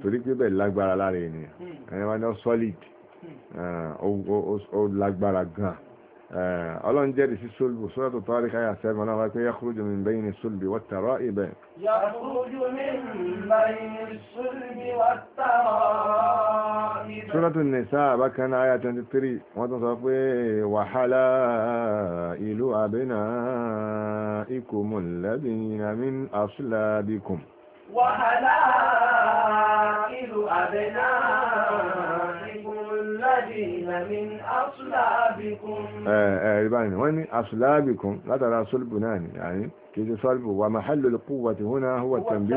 torí pé bẹ́ẹ̀ lágbára lára ènìyàn hmm. ẹni wá ní ọ solid hmm. eh, ó lágbára gan eh, ọlọ́run jẹ́rìí sí sólbù sọ́dọ̀ tó tọ́rí káyà sẹ́gun náà wá pé yakhruju min bayni sólbì wa tara'ib. yakhruju min bayni sólbì wa tara'ib. àyà 23 wọ́n tún sọ pé wa halailu abna'ikum alladhina min aslabikum wàhálà ìlú àbẹ̀nà Ẹ̀rí báyìí, wọ́n ní asùlábìkún látara sólbù náà ni, àyí, kìí ti sólbù wà mahallù lùkúwà ti húnà húwà tàbí.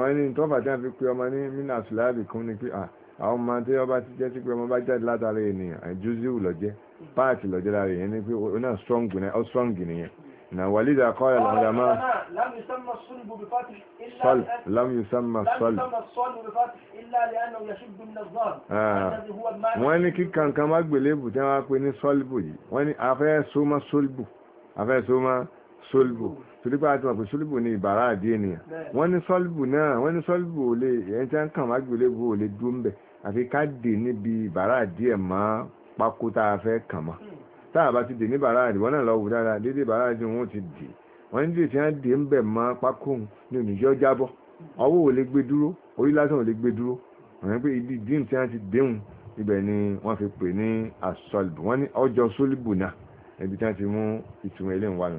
Wọ́n ní tó fàtí àfi pé ọmọ ní mínà asùlábìkún ni pé àwọn ọmọ tí ọba ti jẹ́ sí pé ọmọ bá jáde látara ènìyàn, àjúzíù lọ jẹ́, páàtì lọ jẹ́ lára ènìyàn ni pé ó náà strong nìyẹn. ولذا قال العلماء لم يسمى الصلب بفتح إلا صلب لم يسمى الصلب لم يسمى الصلب بفتح إلا لأنه يشد من الظهر الذي هو المعنى wọ́n ní kíkan kan má gbélébù tí wọ́n á pè ní sọ́lbù yìí wọ́n ní afẹ́ súnmọ́ sọ́lbù afẹ́ súnmọ́ sọ́lbù torí pé a ti mọ̀ pé sọ́lbù ní ìbára àdé ènìyàn táàbà ti dè ní bàràdì wọ́n náà lọ wù dáadáa dédé bàràdì wọn ti dè wọ́n ní dèjì náà dè ń bẹ̀ mọ́ pákóhùn ní òníjọ́ jábọ́ ọwọ́ ò lè gbé dúró orí lásán ò lè gbé dúró wọ́n pé ibi dín tí wọ́n ti déhùn ibẹ̀ ni wọ́n fi pè ní asọ́lìbù wọ́n ní ọjọ́ sólìbù náà ibi tí wọ́n ti mú ìtumọ̀ ilé ìwà nù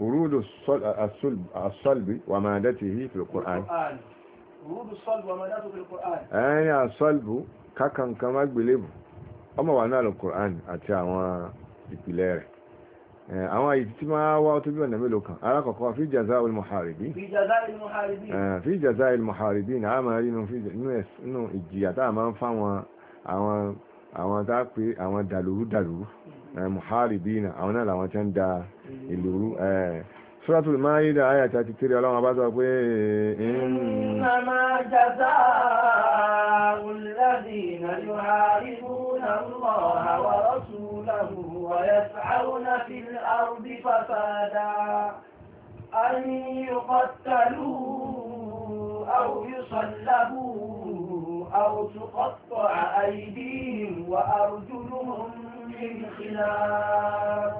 urudu asọ́lìbù wà máa dẹ́tì yìí fil Qur'an urudu asọ́lìbù wà máa dẹ́tì fil Qur'an ẹ̀yìn asọ́lìbù kákan kan má ọmọ wà náà Al-Qur'an àti àwọn ìpìlẹ̀ rẹ̀ àwọn ìdí tí máa wá tó bí ọ̀nà mélòó kan alákọ̀ọ́kọ́ fi jaza al-muharibin fi jaza al-muharibin fi jaza al-muharibin náà máa rí nínú ìjìyà tá a máa ń fáwọn àwọn àwọn tá a pé àwọn dàlúrú dàlúrú muharibin náà àwọn náà làwọn tí ń da ìlú rú suratul maida àyà tí a kiri ọlọ́run bá sọ pé innama الله ورسوله ويسعون في الأرض فسادا أن يقتلوا أو يصلبوا أو تقطع أيديهم وأرجلهم من خلاف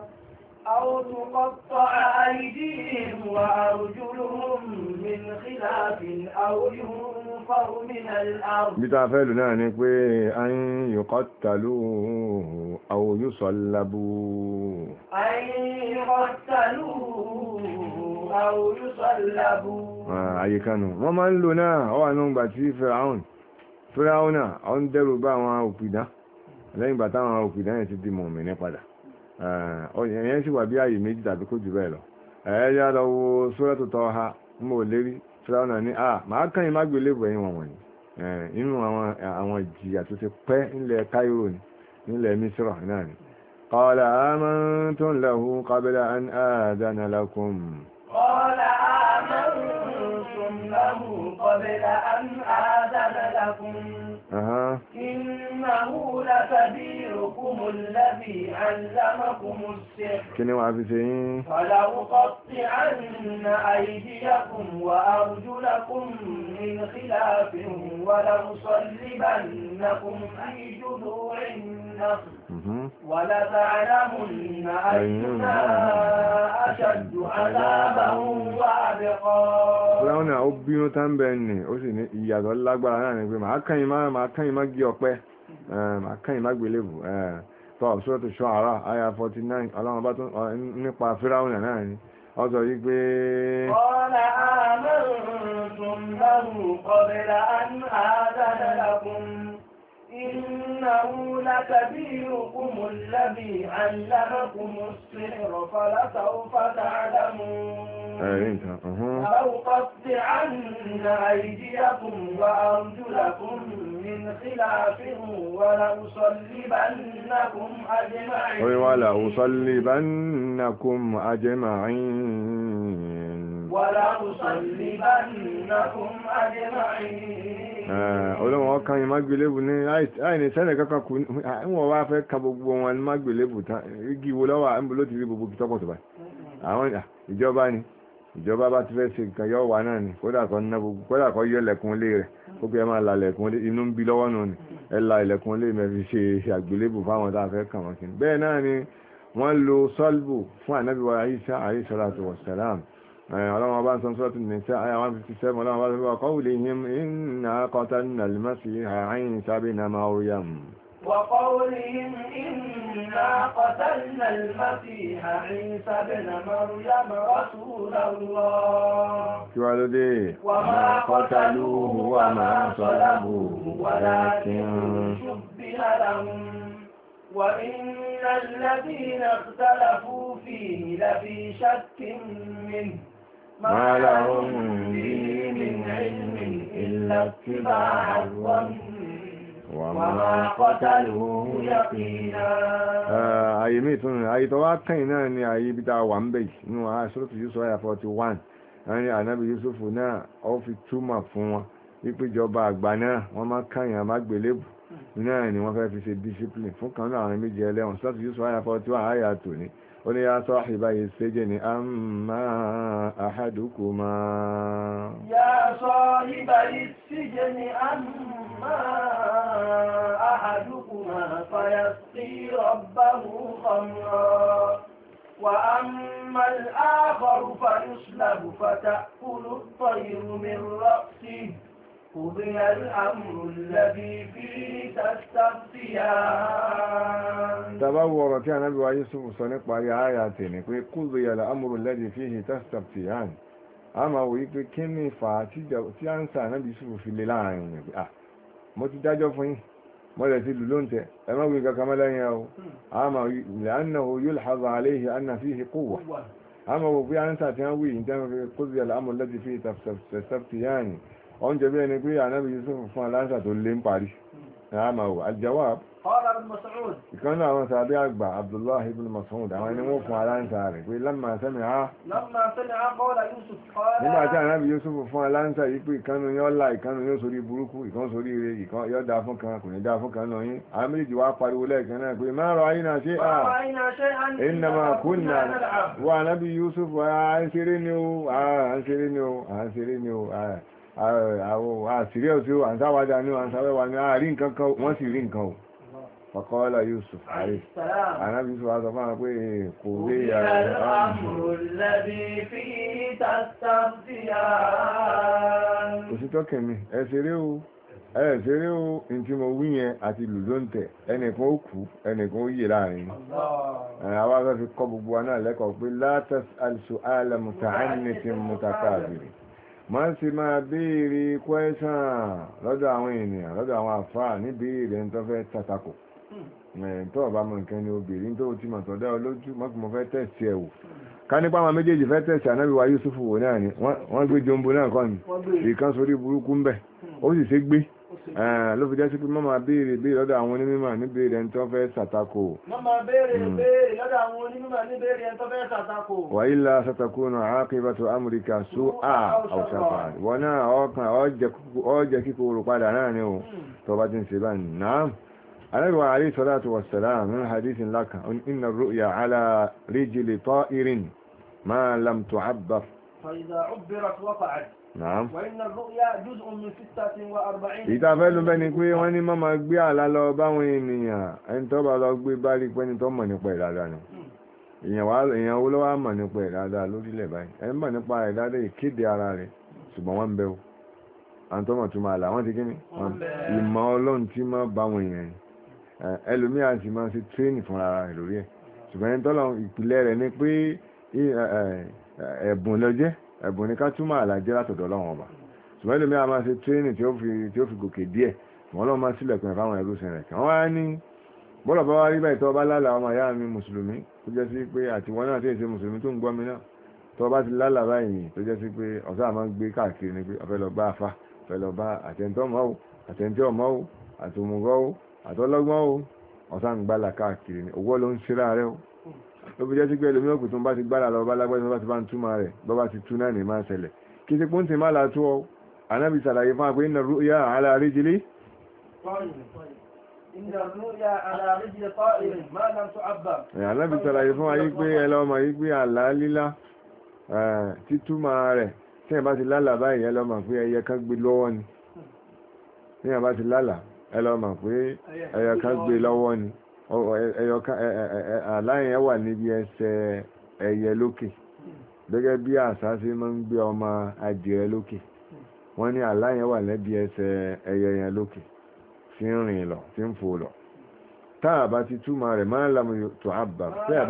أو تقطع أيديهم وأرجلهم من خلاف أو ينفر من الأرض بتعفل نانك أن يقتلوا أو يصلبوا أن يقتلوا أو يصلبوا àyè kanù wọ́n máa ń lò náà ọwà náà gbà tí fẹ́raun fẹ́raun náà ọ ń dẹ́rù bá àwọn òpìdán lẹ́yìn bàtà àwọn òpìdán yẹn ti di mọ̀mí ní padà ẹ̀yẹn sì wà bí ààyè méjì tàbí kó jù bẹ́ẹ̀ lọ ẹ̀yà lọ wo ha tọ́ ha mú ò lérí fúláwọ́nà ní à máa kàn yín má gbélébù ẹ̀yìn wọ̀n wọ̀nyí inú àwọn ìjìyà ti pẹ́ nílẹ̀ Cairo ni nílẹ̀ Misra náà ni كبيركم الذي علمكم السحر فلأقطعن أيديكم وأرجلكم من خلاف ولأصلبنكم في جذوع النخل ولتعلمن أينا أشد عذابا وأبقى. Fúláwọ́nà ó bínú tán bẹ́ẹ̀ ni, ó sì ní ìyàtọ̀ lágbára náà ni pé màá kàn yín má gé ọpẹ́. akán ìlágbélébù tọ́ sọ́tò ara àyà 49 ọlọ́run bá tún nípa fíráwùnà náà ni ọ sọ yí pé ọ̀nà àmọ́ إنه لكبيركم الذي علمكم السحر فلسوف تعلمون أو آه، قطعن أيديكم وأرجلكم من خلاف ولأصلبنكم أجمعين ولأصلبنكم أيوة، أجمعين Ọlọ́run ọkàn yìí mágbélébù ní àìní sẹ́lẹ̀ kankan kù níwọ̀n wá fẹ́ ka gbogbo wọn ní mágbélébù tán igi wo lọ́wọ́ àmì ló ti rí gbogbo tọ́pọ̀ tó báyìí. Àwọn ìjọba ni ìjọba bá ti fẹ́ ṣe nǹkan yọ wà náà ni kódà kan ná gbogbo kódà kan yọ lẹ̀kùn ilé rẹ̀ kó bí ẹ máa la lẹ̀kùn ilé inú ń bí lọ́wọ́ nù ni ẹ la ilẹ̀kùn ilé mẹ́fi ṣe àgbélébù fáwọn tá a fẹ́ kàn wọ́n kìíní. ولما آه، بعد سورة النساء آية 157 ولما بعد وقولهم إنا قتلنا المسيح عيسى بن مريم وقولهم إنا قتلنا المسيح عيسى بن مريم رسول الله دي وما قتلوه وما صلبوه ولكن شبه لهم وإن الذين اختلفوا فيه لفي شك منه ما لهم من علم إلا اتباع وما قتلوه يقينا àyè mi tún àyè tó wá kàn náà ni àyè ibi tá a wà ń bẹ̀ nínú àṣíròtù Yusuf àyà 41 ẹni ànábì Yusuf náà ó fi túmọ̀ fún wọn wípéjọba àgbà náà wọ́n máa kàyàn má gbélébù náà ni wọ́n fẹ́ fi ṣe discipline fún kan náà àwọn méjì ẹlẹ́wọ̀n ṣíròtù Yusuf àyà 41 àyà tòní ó ní ya sahibai sijni amma ahadukuma ya sahibai sijni amma ahadukuma fayasqi rabbahu khamra وأما الآخر فيسلب فتأكل الطير من رأسه قضي الأمر الذي فيه تستفتيان تبور في نبي يوسف سنق برعايات نقول قضي الأمر الذي فيه تستفتيان أما wòye كم kí ní fà á في à آه. sà náà bí Yúsúfù fi lè láàrin yẹn pé ah mo ti dájọ́ fún yín mo lè ti lù ló ń tẹ ẹ má wí kankan lẹ́yìn ẹ̀ o àmà ilẹ̀ annahu yulhazu alayhi anna fihi quwwa àmà wò pé à ń sà wí yìí tẹ́wọ́n fi kó sí àlámọ̀ lẹ́ti fi tafsirani oúnjẹ bí ẹni pé ànábì Yusuf fún aláǹsà tó lé ń parí àmà wò aljawab ìkan náà àwọn sàbí àgbà Abdullahi ibn Mas'ud àwọn ẹni wọ́n fún aláǹsà rẹ̀ pé lamma sami'a nígbà tí ànábì Yusuf fún aláǹsà yìí pé ìkanu yóò la ìkanu yóò sórí burúkú ìkan sórí ire ìkan yóò dáa fún kan kò ní dáa fún kan náà yín àwọn méjì wá pariwo lẹ́ẹ̀kan náà pé ma ra'ayna shay'an innama kunna àṣírí ọ̀sí wà ń sáwádà ní wà ń sáwẹ́wà ní àárí nǹkan kan wọ́n sì rí nǹkan o fọkọ́ọ́lá Yusuf àrí anábì Yusuf pé kò rí òsì tó kẹ̀mí ẹ̀ṣẹ̀rẹ́ o ẹ̀ṣẹ̀rẹ́ o ní tí mo wí yẹn àti lù ló ń tẹ̀ máa se máa béèrè kwẹ́sàn lọ́dọ̀ àwọn ènìyàn lọ́dọ̀ àwọn àfáà ní béèrè ń tọ́ fẹ́ tàtakò hmm. tó ọba mọ̀ nǹkan ni obìnrin tó ti mọ̀ tọ́dá olójú mọ́kì mo fẹ́ tẹ̀sí ẹ̀wò ká nípa àwọn méjèèjì fẹ́ tẹ̀sí ànábì wa Yúsúfù wò náà ni wọ́n gbé jombo náà kọ́ ni ìkan sórí burúkú ń bẹ̀ ó sì ṣe gbé ló fi jẹ́ sí pé má máa béèrè béèrè lọ́dọ̀ àwọn onímọ̀ ní béèrè ẹni tó fẹ́ ṣàtakò. má máa béèrè hmm. béèrè lọ́dọ̀ àwọn onímọ̀ ní béèrè ẹni tó fẹ́ ṣàtakò. wàyí la ṣàtakò nà ákìbàtò amúríkà sú à ọ̀ṣàpá wọn náà ọkàn ọ̀jẹ̀ kíkó rò padà náà ni o hmm. tó bá ti ń ṣe báyìí náà. النبي عليه الصلاة والسلام من حديث لك إن الرؤيا على رجل طائر ما لم تعبر فإذا عبرت وقعت Nàám. Ìtafẹ́ ló bẹ́ ni pé wọ́n ní máa gbé àlá lọ báwọn ènìyàn ẹni tó bá lọ gbé bá rí pẹ́ni tó mọ̀ nípa ìdáadáa ni. Hmm. Èèyàn wo ló wá mọ̀ nípa ìdáadáa lórílẹ̀ báyìí? Ẹni mọ̀ nípa ìdáadáa ìkéde ara rẹ̀ ṣùgbọ́n wọ́n ń bẹ́ o. Àwọn tó mọ̀ tún máa là wọ́n ti kíni? Ìmọ̀ ọlọ́run tí máa báwọn èèyàn ni. Ẹlòmíì àti máa ṣe tírénì fúnra rẹ̀ lórí ẹ̀. Ṣùgbọ́n ẹni tọ́lọ́ ìpìlẹ̀ rẹ̀ ni pé ẹ̀bùn lọ jẹ́ ẹ̀bùn ní ká túmọ̀ àlàjẹ́ látọ̀dọ̀ ọlọ́run ọba ṣùgbọ́n ẹlòmí a máa ṣe tírénì tí ó fi gòkè díẹ̀ wọn lọ́ọ́ máa sílẹ̀kùn fáwọn ẹrú sin rẹ̀ kàn wá ní bọ́lọ̀ bá wá rí báyìí tọ́ bá lálàá ọmọ ìyá mi mùsùlùmí tó jẹ́ sí pé àti wọn náà tí èsè mùsùlùmí tó ń gbọ́ mi náà tọ́ ti lálàá báyìí tó jẹ́ sí pé ọ̀sá máa ń gbé káàkiri ni pé ọ̀fẹ́ lọ bá afa ọ̀fẹ́ lọ bá àtẹ̀ntọ́mọ́ o àtẹ̀ntọ́mọ́ o àtòmùgọ́ o àtọ́lọ́gbọ́n o ọ̀sá ń káàkiri ni òwò ló ń ṣe láàárẹ̀ o ló fi jẹ́ sí pé ẹlòmíràn kò tó ń bá ti gbára lọ bá lágbájá bá ti bá ń túmọ̀ rẹ̀ bá bá ti tú náà ní máa ṣẹlẹ̀ kí ti pọ́ǹtì má la tó ọ anábì sàlàyé fún apẹ́ iná rúyà àlà ríjìlí. anábì sàlàyé fún ayé pé ẹ lọ́mọ yí pé àlá lílá títúmọ̀ rẹ̀ tí ẹ bá ti lálà báyìí ẹ lọ́mọ pé ẹyẹ kan gbé lọ́wọ́ ni tí ẹ bá ti lálà ẹ lọ́mọ pé ẹyẹ kan gbé lọ́wọ́ ni ẹyọkan àláyìn wà níbi ẹsẹ̀ ẹyẹ lókè gẹ́gẹ́ bí àṣà ṣe máa ń gbé ọmọ adìẹ lókè wọ́n ní àláyìn wà lẹ́bi ẹsẹ̀ ẹyẹ yẹn lókè tí ń rìn lọ tí ń fò lọ táà bá ti túmọ̀ rẹ̀ máa ń lamu tó àbà tẹ́ẹ̀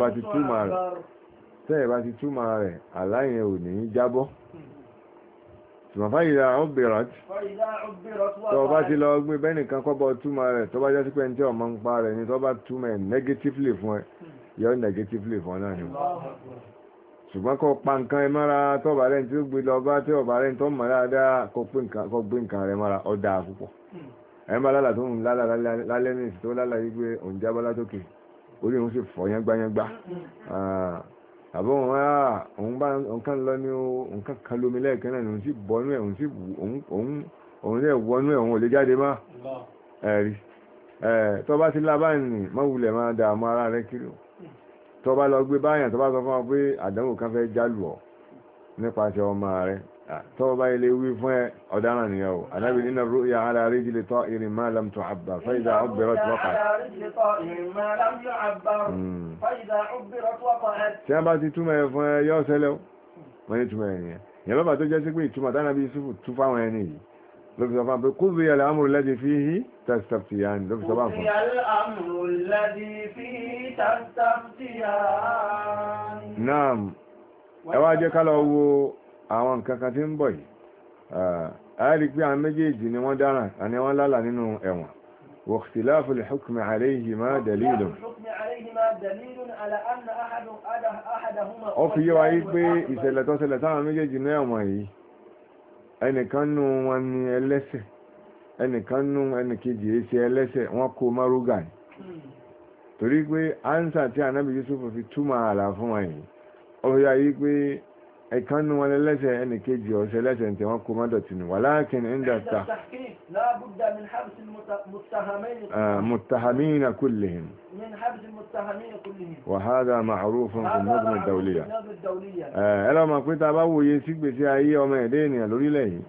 bá ti túmọ̀ rẹ̀ àláyìn ò ní jábọ́ ṣùgbọ́n fáyìlá ọ̀bẹ̀rẹ̀ tó bá ti lọ gbé bẹ́nìkan kọ́bọ̀ túmọ̀ rẹ̀ tó bá jẹ́ sí pé ní tí ọmọ ń pa rẹ̀ ni tó bá túmọ̀ ẹ̀ negatively fún ẹ yọ negatively fún ọ náà ni ṣùgbọ́n kọ́ pa nǹkan ẹ mọ́ra tó bá rẹ̀ tí ó gbé lọ bá tí ọ̀bá rẹ̀ tó mọ̀ dáadáa kọ́ gbé nǹkan rẹ̀ mọ́ra ó dáa púpọ̀ ẹ̀ ń bá lálà tó ń lálà lálẹ́ ní tó lálà yí pé òǹjábọ́lá tókè orí òun sì fọ́ yángbayángba mm-hmm. ah, àbọ̀ wọn á ah, òun bá nǹkan lọ ní o nǹkan kan lómi lẹ́ẹ̀kan náà òun sì bọ́nú ẹ̀ òun sì òun lè wọnú ẹ̀ òun ò lè jáde má ẹ̀rí tó bá ti lábáyìí má wulẹ̀ máa dààmú ara rẹ kiri o tó bá lọ gbé báyàn tó bá sọ fún ọ pé àdánwò kan fẹ́ jálù ọ nípasẹ̀ ọmọ rẹ Ah, tó bá ilé wí fún ẹ ọ̀daràn ni yau anábi nínú rúyà ala rijli ta'irin ma lam tu'abbar fa idha 'ubbirat waqa'at hmm. tí a bá ti túmọ̀ ẹ fún ẹ yọ́ sẹ́lẹ̀ wọ́n ní túmọ̀ ẹ̀yẹn yẹn lọ́bà tó jẹ́ sí pé ìtumọ̀ tánàbí Yusufu tú fáwọn ẹni yìí ló fi sọ fún pé kúzù yà lámùrù lẹ́dí fi hí tàstàftìyàn ló fi sọ fún un. naam ẹ wá jẹ́ ká lọ wo àwọn nǹkan kan tí ń bọ̀ yìí àárí ah, pé àwọn méjèèjì ni wọ́n dára àní wọ́n lálà nínú ẹ̀wọ̀n واختلاف الحكم عليهما دليل ó fi yé wa yí pé ìṣẹ̀lẹ̀ tó ṣẹlẹ̀ sáwọn méjèèjì ní ẹ̀wọ̀n yìí ẹnìkan nú wọn ni ẹlẹ́ṣẹ̀ ẹnìkan nú ẹnìkejì èsì ẹlẹ́ṣẹ̀ wọ́n kó márúgà ní torí pé ánsà tí anábì Yusuf fi túmọ̀ àlà fún wọn yìí ó fi yá yí pé ẹ̀kan nu lẹ́sẹ̀ ẹnì kejì ọ̀sẹ̀ lẹ́sẹ̀ ní tẹ̀wọ́n kó mọ́dọ̀ wà láàkín ta mutahamina ah, kullihim wàhálà màrúfún fún mọ́dún ìdáwòlìyà ẹ̀rọ ma pé ta wòye sí gbèsè ayé ọmọ ẹ̀dẹ́ ènìyàn lórílẹ̀ yìí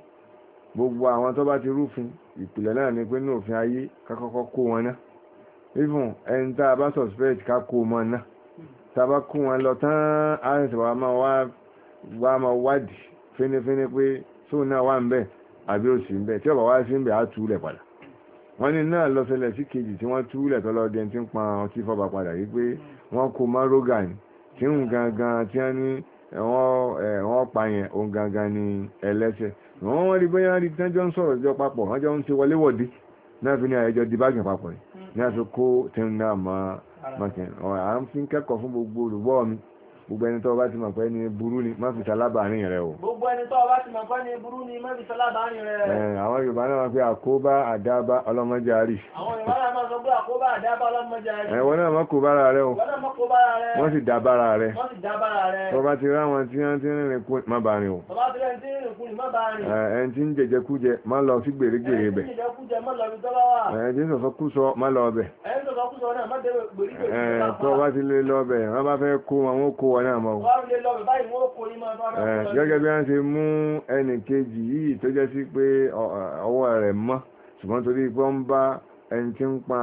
gbogbo àwọn tó bá ti rúfin ìpìlẹ̀ náà ni pé ní òfin ayé a bá suspect ká kó wọn ná kó wọn lọ tán wá máa wádìí fínífíní pé sóun náà wà ń bẹ̀ àbí ó sì ń bẹ̀ tí ọ̀bà wá sí ń bẹ̀ á túlẹ̀ padà wọ́n ní náà lọ ṣẹlẹ̀ sí kejì tí wọ́n túlẹ̀ tọ́lọ́dẹ tí ń pa ọtí fọba padà yìí pé wọ́n kó márógà ní tí ń gangan tí wọ́n ní wọ́n pa yẹn òun gangan ní ẹlẹ́sẹ̀ wọ́n wọ́n rí bóyá rí tán jọ ń sọ̀rọ̀ jọ papọ̀ wọ́n jọ ń ṣe wọléwọ̀dé náà fi ní àyẹjọ dìbàgìn papọ̀ ní àfikó tí ń náà máa máa kẹ́ à ń fi kẹ́kọ̀ọ́ fún gbogbo olùgbọ́ mi gbogbo ẹni tó bá ti mọ̀ pé ní burú ni má fi sálábàárín rẹ o. gbogbo ẹni tó bá ti mọ̀ pé ní burú ni má fi sálábàárín rẹ. ẹ àwọn yorùbá náà fi àkóbá àdábá ọlọ́mọdé àrí. àwọn yorùbá náà máa sọ pé àkóbá àdábá ọlọ́mọdé ẹ wọn náà má kó bára rẹ o. wọn náà má kó bára rẹ. wọ́n sì dá bára rẹ. wọ́n sì dá bára tó bá ti rá wọn tí wọ́n ti rìnrìn kú má bá rìn o. tó bá ti rẹ̀ ti rìnrìn kú ni má bá rìn. ẹni tí ń jẹjẹ kújẹ má lọ sí gbèrègbèrè bẹ̀. ẹni tó bá ti lè lọ́bẹ̀ wọ́n bá fẹ́ kó wọn wọ́n kó wọn náà mọ́ gẹ́gẹ́ bí wọ́n ṣe mú ẹnì kejì yìí tó jẹ́ sí pé ọwọ́ rẹ̀ mọ́ ṣùgbọ́n torí pé wọ́n bá ẹni tí ń pa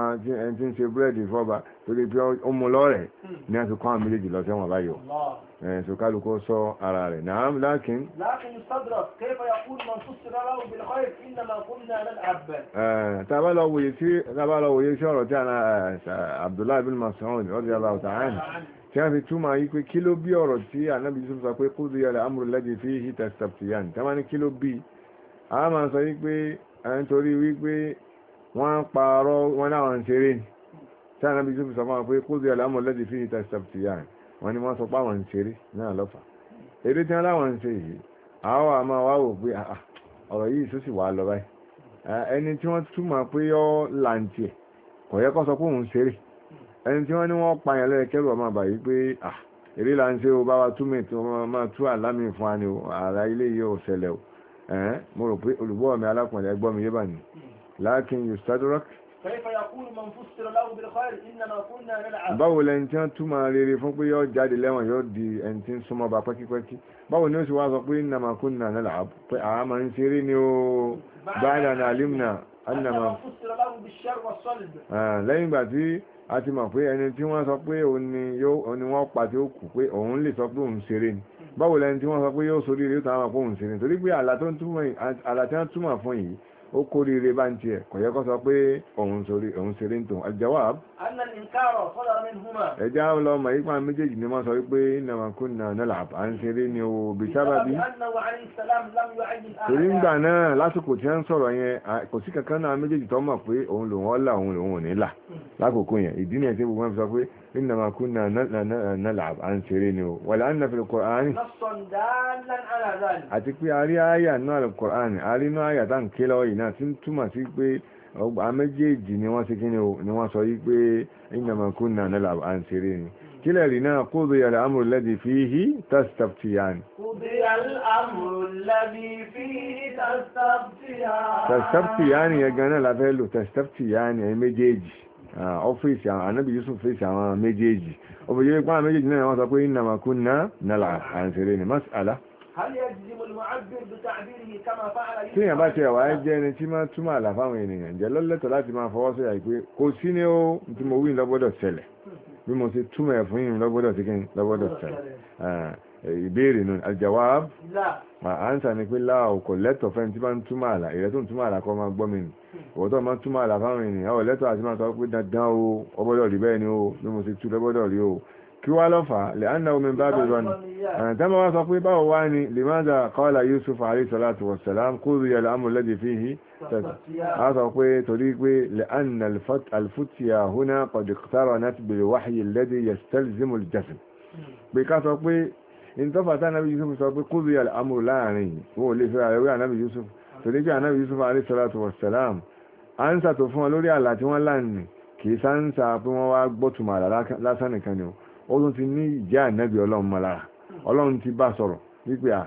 ẹni tí ń se búrẹ́dì fọ́ba torí pé ó mú lọ́rẹ̀ hmm. ní àfikún àwọn méjèèjì lọ sẹ́wọ̀n báyọ̀ سكالك سو أراري نعم لكن لكن يستدرك كيف يقول من فسر بالخير إنما قلنا للعباس آه تابع لو يسي تابع لو يسي أنا عبد الله بن مسعود رضي الله تعالى tí a fi túmọ̀ yí pé kí ló bí ọ̀rọ̀ tí ànábì Yusuf sọ pé kúrò yàrá amúrò lẹ́dí fi hìtà sàfihàn tí a máa ní kí ló bí a máa sọ yí pé ẹni eh, torí wípé wọ́n ń parọ́ wọn ń ṣeré tí ànábì Yusuf sọ fún wa pé kúrò yàrá amúrò lẹ́dí fi wọ́n ní wọ́n sọ pé àwọn ń ṣeré náà lọ́fà eré tí wọ́n láwọn ń ṣe yìí àwọn àmọ́ wa wò pé ọ̀rọ̀ yìí tó sì wà lọ báyìí ẹni tí wọ́n túmọ̀ pé yọ làǹtì ẹ̀ kò yẹ kó sọ pé òun ṣeré ẹni tí wọ́n ní wọ́n pa yẹn lẹ́ẹ̀kẹ́rù ọmọ àbà pé eré là ń ṣe o bá wa tú mẹ́tì ọmọ máa tú àlámì fún wa ni o àrà ilé yìí ò ṣẹlẹ̀ o mo rò pé olùgbọ́ mi alákùnrin ẹgbọ́ mi yé bà báwo lẹni tí wọ́n túmọ̀ rere fún pé yóò jáde lẹ́wọ̀n yóò di ẹni tí ń súnmọ́ bá pẹ́kípẹ́kí báwo ni ó sì wá sọ pé nàmà kún nà náà pé àá máa ń ṣeré ni ó báyìí nà alim nà ánàmà lẹ́yìn ìgbà tí a ti mọ̀ pé ẹni tí wọ́n sọ pé òun ni wọ́n pa tí pé òun lè sọ pé òun ṣeré ni báwo lẹ́ni tí wọ́n sọ pé yóò sórí rèé tó àpò òun ṣeré torí pé àlà tí wọ́n túmọ̀ fún yìí ó kórìíre bá ń tiẹ̀ kò yẹ kó sọ pé òun sori òun ṣeré ń tòun aljawab. annan inkaro fọlọ min huma. ẹja lọ mọ ipa méjèèjì ni wọn sọ pé innama kunna nal'ab à ń ṣeré ni o bí sábàbí. torí ngbà náà lásìkò tí wọn sọ̀rọ̀ yẹn kò sí kankan náà méjèèjì tó mọ̀ pé òun lòun ọ̀la òun lòun ò ní là hmm. lákòókò yẹn ìdí إنما كنا نلعب عن سيرين ولأن في القرآن نصا دالا على ذلك أتكبي علي آية نوع القرآن علي نوع آية تان كيلوي ناسين توما سيكبي ọgbà méjèèjì ni wọ́n sí kí إنما كنا نلعب عن سيرين kílẹ̀ rí قضي الأمر الذي فيه تستفتيان قضي الأمر الذي فيه تستفتيان تستفتيان يا gan náà la fẹ́ lò تستفتيان ẹ méjèèjì Ah, ọ́fíìsì àwọn anábì Yusuf fèsì àwọn méjèèjì ó fi yẹ́ pé àwọn méjèèjì náà wọ́n sọ pé innama kunna nal'ab àǹsẹ̀rẹ̀ ni. mas'ala tí èèyàn bá ti ẹ̀wà jẹ́ ẹni tí máa túmọ̀ àlà fáwọn ènìyàn jẹ́ lọ́lẹ́tọ̀ láti máa fọwọ́ sọ̀yà pé kò sí ni. ó tí mo wí lọ́gbọ́dọ̀ ṣẹlẹ̀ bí mo ti túmọ̀ ẹ̀ fún yìí lọ́gbọ́dọ̀ sí kí lọ́gbọ́dọ̀ ṣẹlẹ̀ ìbéèrè nù aljawab ansa ni pé láàwọ̀ kò lẹ́tọ̀ fẹ́ni tí bá ń túmọ̀ àlà ìrẹ́ tó ń túmọ̀ àlà kọ́ máa gbọ́ mi nù òótọ́ máa ń túmọ̀ àlà fáwọn ènìyàn ọ̀ lẹ́tọ̀ àti máa sọ pé dandan o ọgbọ́dọ̀ rí bẹ́ẹ̀ ni o bí mo ti tú lọ́gbọ́dọ̀ rí o kí wá lọ́fà lẹ́ánà omi bá bẹ̀rọ ni tẹ́mọ̀ wá sọ pé báwo wá ní limaza qala yusuf alayhi salatu wassalam kúrò yẹ láàmù lẹ́dì fi hì tẹ́tà a sọ pé torí pé lẹ́ánà alfutiya huna qad iqtaranat bil wahyi alladhi yastalzimu al-jazm hmm. pé ká sọ pé ìtọ́fà tí anábì yusuf sọ pé kúrò yà amúrò láàrin wọ́n lè fẹ́ ààrẹ anábì yusuf torí pé anábì yusuf alayhi salatu wassalam ánsà tó fún wọn lórí àlà tí wọ́n láàrin kì í sáńsà pé wọ́n wá gbọ́tùmọ̀ àlà lásán nìkan ni ó tún ti ní ìjẹ́ ànábì ọlọ́run mọ́lára ọlọ́run ti bá sọ̀rọ̀ wípé à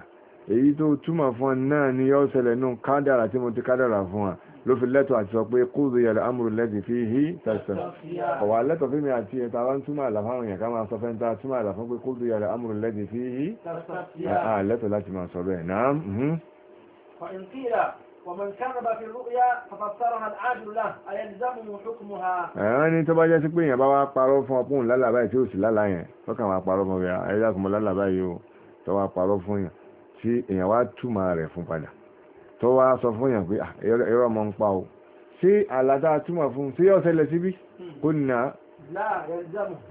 èyí tó túmọ̀ fún ọ náà ni yóò ṣẹlẹ̀ nù kádàrà tí mo ti kádàrà fún wa ló fi lẹ́tọ̀ àti sọ pé kúrò yẹ̀lọ amúrù lẹ́dì fi hí tẹ̀sán ọ̀wà lẹ́tọ̀ fí mi àti ẹ̀ta wá ń túmọ̀ àlà fáwọn èèyàn ká máa sọ fẹ́ńtà túmọ̀ àlà fún pé kúrò yẹ̀lọ amúrù lẹ́dì fi hí tẹ̀sán lẹ́tọ̀ láti máa sọ bẹ́ẹ̀ náà. ẹ̀rọ ni tó bá jẹ́ sí pé èèyàn bá wá parọ́ fún ọkùnrin lálàbá tí ó sì lálàá yẹn lọ́kàn wá parọ́ fún ah, ẹ̀yà kùmọ̀ lálàbá yìí tó wá parọ́ fún yẹn tí èèyàn wá túmọ̀ rẹ̀ fún padà tó wá sọ fún yàn pé ẹ̀rọ ah, mọ́ ń pa o ṣé àlàdá túmọ̀ fún ṣé yóò ṣẹlẹ̀ síbí kó nà á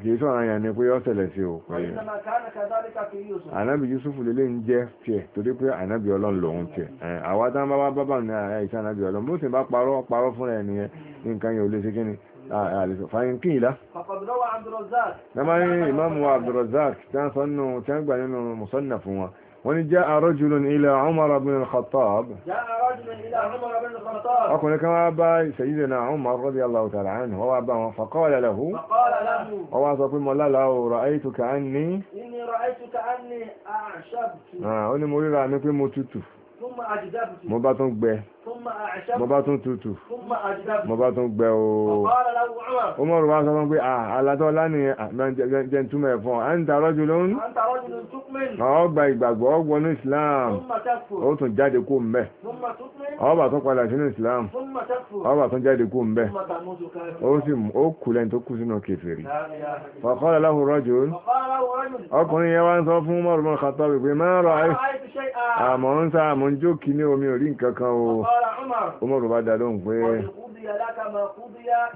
kìí sọ̀rọ̀ yàn ni pé yóò ṣẹlẹ̀ sí o pẹ̀lú ànábì yusufu lélẹ̀ ń jẹ́ tiẹ̀ torí pé ànábì ọlọ́run lòun tiẹ̀ àwa tá ń bá bá bá ní àyà ìṣe ànábì ọlọ́run bó sì bá parọ́ parọ́ fúnra ẹ̀ nìyẹn nǹkan yẹn ò lè ṣe kí ni àlèsọ fàyín kí ìlà. nàmáyé ìmáàmù Abdurrazak tí wọ́n sọ nínú tí wọ́n gbà nínú mùsọ́nà fún wọn wọ́n ní jẹ́ àrọ́jùlùn ilẹ̀ Umar bin al-Khattab ọkùnrin kan wá bá Sayyidina Umar radiyallahu ta'ala anhu wọ́n wá bá wọn faqala lahu wọ́n wá sọ pé mọ́ lálàá ra'aytuka anni ah, ó ní mo ríra mi pé mo bá tún gbẹ mo bá tún tutù mo bá tún gbẹ ooo ó mọ̀rọ̀ wá sọ fún pé ah, àlátọ́ lánìí jẹ́ntúmọ̀ ah, ẹ̀fọn à ń tarọ́ jù lóhùn ọgbà ìgbàgbọ́ ọgbọ́nú Islam ó tún jáde kó mbẹ́ ọba tún padà sínú islam ọba tún jáde kú mbẹ ó sì ó kú lẹ́yìn tó kú sínú kèfèrí faqala lahu rajul ọkùnrin yẹn wá ń sọ fún Umar bin Khattab pé máa rọ àmọ́ ń sá àmọ́ ń jókì ní omi orí nǹkan kan o Umar bá dá lóhùn pé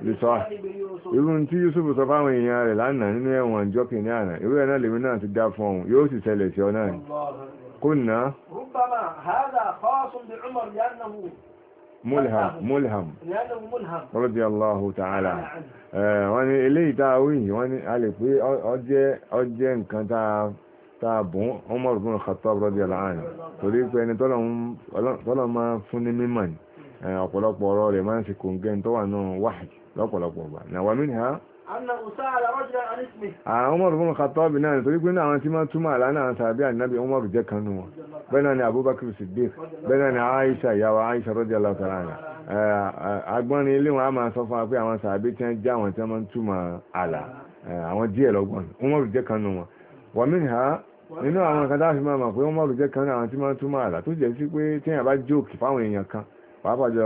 lùsọ irú tí Yusuf sọ fáwọn èèyàn rẹ̀ lánàá nínú ẹ̀wọ̀n ìjọ́kì ní àná irú ẹ̀ náà lèmi náà ti dá fún òun yóò sì ṣẹlẹ̀ sí ọ náà قلنا ربما هذا خاص بعمر لأنه ملهم ملهم لأنه ملهم رضي الله تعالى عنه إليه تاوي eléyìí tá a wí wọ́n ní a lè pé ọjẹ́ nǹkan tá a bùn Umar ibn Khattab radiyallahu anhu torí pé ẹni tọ́lọ̀ máa fún ní mímọ̀ ní ọ̀pọ̀lọpọ̀ ọ̀rọ̀ rẹ̀ máa ń fi kòǹgẹ́ tó wà náà wáhì lọ́pọ̀lọpọ̀ ọ̀gbà àwọn ah, Umar ibn Khattab náà nítorí pé àwọn tí máa túmọ̀ àlá náà tàbí ànábì Umar jẹ́ kan nù wọn bẹ́ẹ̀ náà ni Abubakar Siddiq bẹ́ẹ̀ náà ni Aisha ìyàwó Aisha radiyallahu ta'ala anha eh, agbọ́nni ilé wọn a máa sọ fún wa pé àwọn sàbí tí wọ́n já àwọn tí wọ́n túmọ̀ àlá eh, àwọn díẹ̀ lọ́gbọ̀n Umar jẹ́ kan nù wọn wa minha nínú àwọn kan dáhùn máa mọ̀ pé Umar jẹ́ kan àwọn tí wọ́n túmọ̀ àlá tó jẹ́ sí pé téèyàn bá jókì fáwọn èèyàn kan pàápàá jẹ́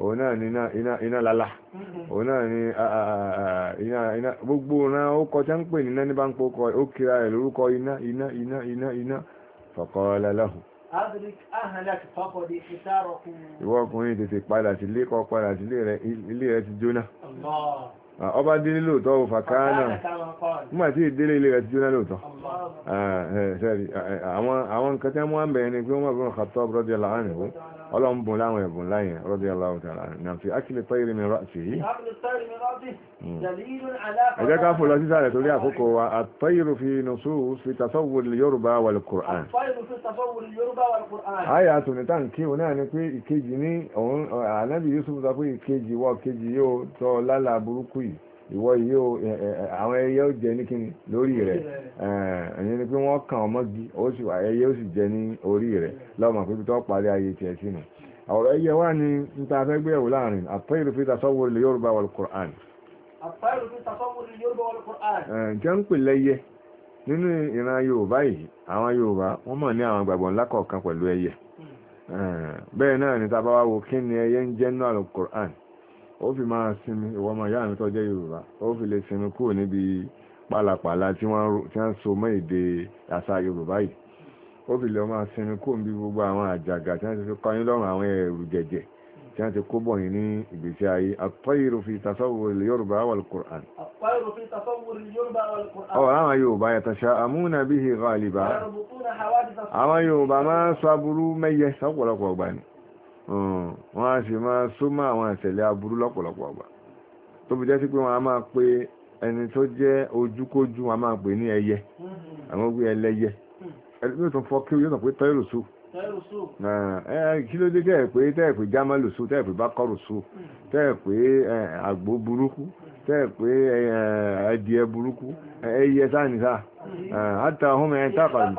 òun náà ni iná lálá òun náà ni iná gbogbo náà ó kọjá ń pè níná ní bá ń pò kọ ó kíra rẹ̀ lórúkọ iná iná iná iná iná faqala lahu ìwọ ọkùnrin tètè padà sí ilé kọ padà sí ilé rẹ̀ ti jóná ọba délé lóòótọ́ ò fàkánà nígbà tí ìdílé ilé rẹ̀ ti jóná lóòótọ́ àwọn nǹkan tí wọ́n ń bẹ̀rẹ̀ ni pé wọ́n bá bí wọn radiyallahu anhu ọlọ́run bùn láwọn ẹ̀bùn láyẹn rọ́dí aláwọ̀ tààrà na fi ákìlẹ̀ pẹ́rì mi rà sí yìí ẹjẹ́ ká fòlọ sí sàrẹ̀ torí àkókò wa àtọ́yìrò fi nùsù fi tasọ́wò yorùbá wà lùkùrán àyà tòní tàǹkì òní àní pé ìkejì ní ànábì Yusuf sọ pé ìkejì wọ yóò tọ́ lálà burúkú yìí ìwọ yìí ó àwọn ẹyẹ ó jẹ ní kíni lórí rẹ̀ ẹ̀yìn ni pé wọ́n kàn ọmọ gí ẹyẹ ó sì jẹ ní orí rẹ̀ lọ́mọ pípí tó parí ayé tiẹ̀ sínú ọ̀rọ̀ ẹyẹ wà ní níta fẹ́ gbé ẹ̀wò láàrin àpẹ́rù fi tasawwur li Yorùbá wal Qur'an. ǹjẹ́ ń pè lẹ́yẹ nínú ìran Yorùbá yìí àwọn Yorùbá mọ̀ ní àwọn ńlá kọ̀ọ̀kan pẹ̀lú ẹyẹ hmm. bẹ́ẹ̀ náà ni tá wo kí ni ẹyẹ ń jẹ́ Qur'an ó fi máa sinmi ìwọ ọmọ ìyá mi tó jẹ́ yorùbá ó fi lè sinmi kúrò níbi pálapàla tí wọ́n so mọ́ èdè àṣà yorùbá yìí ó fi lè máa sinmi kúrò níbi gbogbo àwọn àjàgà tí wọ́n ti fi kọ́ yín lọ́rùn àwọn ẹ̀rù jẹ̀jẹ̀ tí wọ́n ti kó bọ̀ yín ní ìgbésí ayé àtọ́yìrò fi tasawwur yorùbá wal qur'an. ọ̀rọ̀ àwọn yorùbá yàtọ̀ ṣá àmúna bihi ghaliba. àwọn yorùbá máa ń sọ aburú mẹ́yẹ sọ́pọ̀lọpọ̀ ọgbà wọ́n á sì máa súnmọ́ àwọn ìṣẹ̀lẹ̀ aburú lọ́pọ̀lọpọ̀ ọgbà tó fi jẹ́ sí pé wọ́n á máa pe ẹni tó jẹ́ ojúkójú wọ́n á máa pè ní ẹyẹ mm-hmm. àwọn gbé ẹlẹ́yẹ mm-hmm. ẹni tó fọ́ kí yóò sọ pé tẹ́rù sùn kí ló dé tẹ́ẹ̀ pé tẹ́ẹ̀ pé jámálù sùn tẹ́ẹ̀ pé bákọ́rù sùn mm. tẹ́ẹ̀ pé àgbò burúkú mm tẹ́ pé ẹ̀dìẹ burúkú ẹyẹ sáàníṣà àtà ọ̀hún ẹ̀ tàbàlù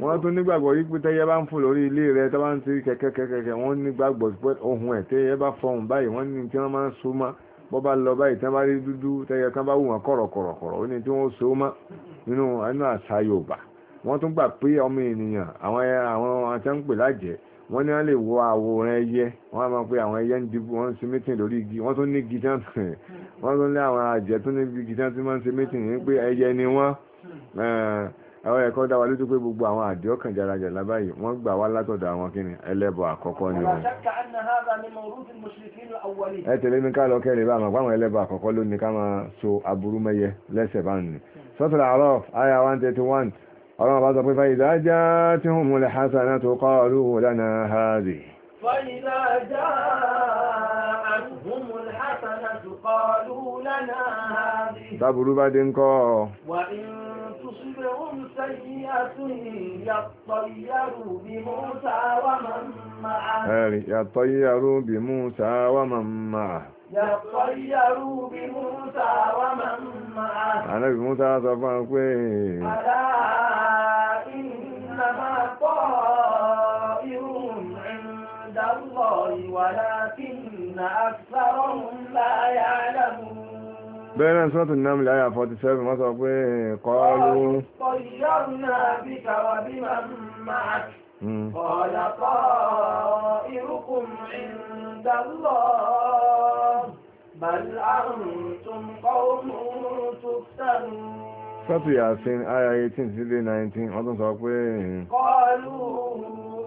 wọ́n tún nígbàgbọ́ yí pé tẹ́yẹ bá ń fò lórí ilé rẹ̀ tọ́ bá ń ti kẹ̀kẹ́kẹ́kẹ́ wọ́n nígbàgbọ́ pé ohun ẹ̀ tẹ́yẹ bá fọhùn báyìí wọ́n ní tí wọ́n máa ń so mọ́ bọ́ bá lọ báyìí tẹ́ bá rí dúdú tẹ́yẹ kan bá wù wọ́n kọ̀rọ̀kọ̀rọ̀kọ̀rọ̀ ó ní tí wọ́n so mọ́ nínú àṣà Yorùbá wọ́n tún gbà pé ọmọ ènìyàn àwọn àwọn àti wọ́n ní wọ́n lè wo àwòrán ẹyẹ wọ́n máa pe àwọn ẹyẹ ń dìbò wọ́n ń ṣe mítìn lórí igi wọ́n tún ní igi tán wọ́n tún lé àwọn àjẹ́ tún ní igi tí wọ́n ń ṣe mítìn ní pé ẹyẹ ni wọ́n eh, àwọn ẹ̀kọ́ dá wa lójú pé gbogbo àwọn àdìọ́ kan jarajàra báyìí wọ́n gbà wá látọ̀dọ̀ àwọn kíni ẹlẹ́bọ̀ àkọ́kọ́ ni wọ́n. ẹ tẹ̀lé mi ká lọ kẹ́rin bá àmọ́ àwọn ẹlẹ́bọ̀ àkọ́kọ́ ló ká máa so aburú mẹ́yẹ lẹ́sẹ̀ bá nù. sọ́tàlá àárọ̀ àyà one thirty one ọlọ́run bá sọ pé fàyídá já tí hùn múlẹ̀ hasana tó kọ́ ọlúhù lánà hàzì fàyídá já hùn múlẹ̀ hasana tó kọ́ ọlúhù lánà hàzì sábúrú bá dé ń kọ́ wà ní تصبهم سيئة يطيروا بموسى ومن معه يطيروا بموسى ومن معه Yàtọ̀yẹ̀rú bí Musa wà máa ń máa. Ànábì Musa sọ fún ọ pé. Àdáà. bẹ́ẹ̀rẹ̀ sọ́tún náà mi láyà 47 wọ́n sọ pé kọlu kọ̀yọ́nà bí kàwà bí ma máa kọ̀lọ̀kọ́ irúkùn ìdánlọ́ bàlá àrùn tó ń kọ́ mú tó sánú 18 sílé 19 wọ́n tún sọ pé kọlu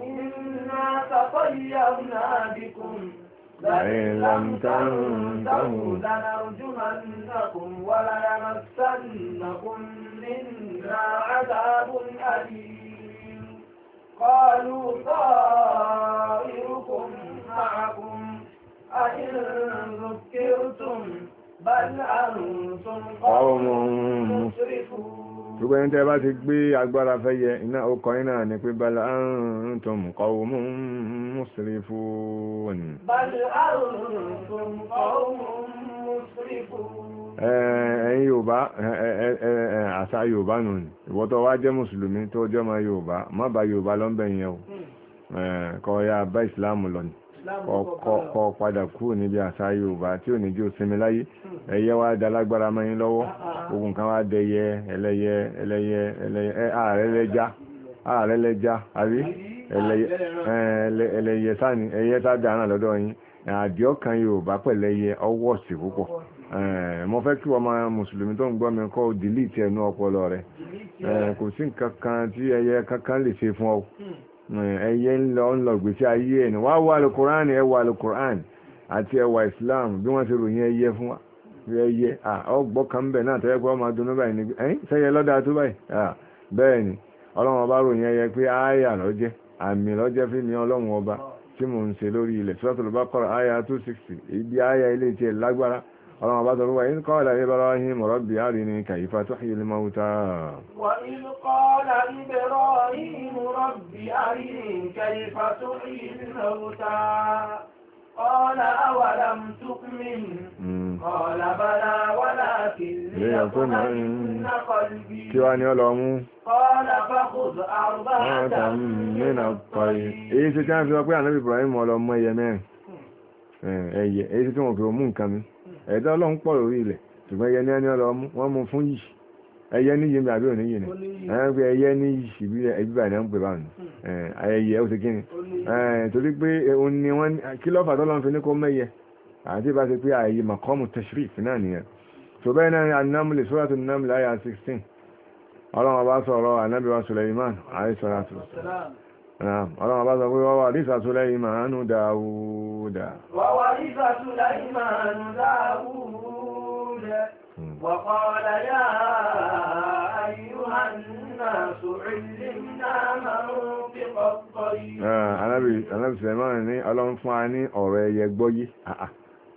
iná tàkọ́ yàwó náà bí لئن لم تنتهوا لنرجمنكم وليمسنكم منا عذاب أليم قالوا طائركم معكم أئن ذكرتم àwọn gbogbo ẹni tẹ́ bá ti gbé agbára fẹ́ yẹ iná ọkọ̀ iná ní pé bala àrùn tó mú kọ́ mú mùsùlùmí fún ẹ̀yìn Yorùbá àṣà Yorùbá nù ní ìwọ́tọ̀ wá jẹ́ mùsùlùmí tó jẹ́ ọmọ Yorùbá má bá Yorùbá lọ́nbẹ̀yìn yẹn o hmm. kọ́ ya bá ìsìláàmù lọ́nìí kọ padà kúrò níbi àṣà yorùbá tí ò ní jẹ́ òsinmi láyé hmm. ẹyẹ wá dalágbára mọ́ yín lọ́wọ́ ah, ah, ah. ogun kan wá dẹyẹ ẹlẹyẹ ẹlẹ́yẹ ẹlẹ́yẹ ààrẹ lẹ́já ààrẹ lẹ́já àbí ẹlẹyẹ sáni ẹyẹ tá dáná lọ́dọ̀ yín yorùbá sí mo ẹnu ọpọlọ kò sí nǹkan kan tí kankan lè fún ọ hmm. ẹyẹ ń lọ ń gbèsè ayé ẹ̀ ní wàá wà lùkùránì ẹ wà àti ẹwà Islam bí wọ́n ṣe ròyìn ẹyẹ fún wa ẹyẹ ọgbọ́ kan bẹ̀ náà tẹ́yẹ pé ọmọ adùn náà báyìí ẹ̀yìn sẹ́yẹ lọ́dà tó báyìí bẹ́ẹ̀ ni ọlọ́run ọba ròyìn ẹyẹ pé àyà lọ́jẹ́ àmì lọ́jẹ́ fi mi ọlọ́run ọba tí mò ń ṣe lórí ilẹ̀ àyà ibi àyà ilé tiẹ̀ lágbára ọlọ́run ọba رب أرني كيف تحيي الموتى قال أولم تؤمن قال بلى ولكن ليطمئن قلبي قال فخذ أربعة من الطير èyí tí wọ́n fi sọ pé ànábì Ibrahim ọlọ́mọ ẹyẹ mẹ́rin hmm. ẹyẹ èyí tí wọ́n fi mú nǹkan mi hmm. ẹ̀dá Ọlọ́run pọ̀ lórí ilẹ̀ ṣùgbọ́n ẹyẹ ní ẹni ọlọ́mú wọ́n mú fún yìí ẹyẹ níyì mi àbí òníyì ni ẹn pé ẹyẹ níyì ṣìbí ẹbí báyìí náà ń pè báwọn ẹyẹ ó ti kí ni torí pé òun ni wọ́n kí lọ́fà tó lọ́n fi ní kó mẹ́yẹ àti bá ti pé ààyè maqamu tashrif náà nìyẹn tó bẹ́ẹ̀ náà anamuli suratu namli àyà 16 ọlọ́run ọba sọ̀rọ̀ anabi wa Sulaiman alayhi salatu ọlọ́run ọba sọ pé wọ́n wà rísà Sulaimanu Dawuda wọ́n wà rísà Sulaimanu Dawuda وقال يا أيها الناس علمنا منطق الطير Ànábì Sùlẹ́mánì ní Ọlọ́run fún a ní ọ̀rọ̀ ẹyẹ gbọ́yé.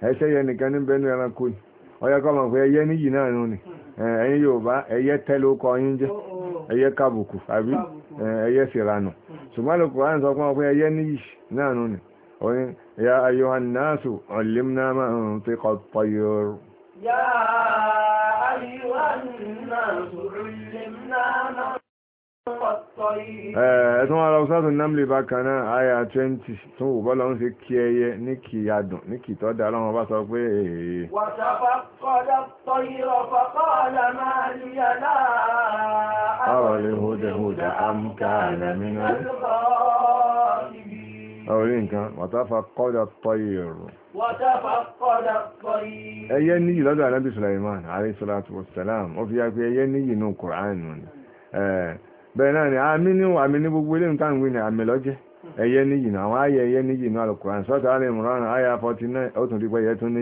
Ẹṣẹ́ yẹ nìkan ní bẹ́nu ẹranko yìí. Ọyẹ kọ́ mọ̀ pé ẹyẹ níyì náà nù ni. Hmm. Eh, ẹ̀yin Yorùbá ẹyẹ tẹ́ ló kọ yín jẹ́. Oh, oh. Ẹyẹ kàbùkù àbí eh, ẹyẹ sìranù. Hmm. Ṣùgbọ́n Al-Kùránì sọ fún ọ pé ẹyẹ níyì náà nù ni. Ọyẹ ya ayyuhan nasu allimna mantiqa at-tayr. يا أيها الناس علمنا ẹ̀ẹ́dún ara ọ̀sátún námlì bákan náà àyà 20 tún wò bọ́lá ń ṣe kí ẹyẹ ní kì adùn ní kì í tọ́ bá sọ pé èèyàn. wàṣàfà kọ́dà tọ́yìrọ̀ fàkọ́ orí nǹkan wàtàfà kọ́dà tọ́yìrù ẹyẹ níyì lọ́dọ̀ anábì Sulaiman alayhi salatu wassalam ó fi yá pé ẹyẹ níyì nù Qur'an ni bẹ́ẹ̀ náà ni àmì ní àmì ní gbogbo ilé nǹkan ìwé ni àmì lọ́jẹ́ ẹyẹ níyì àwọn 49 ó tún rí pé ẹyẹ tún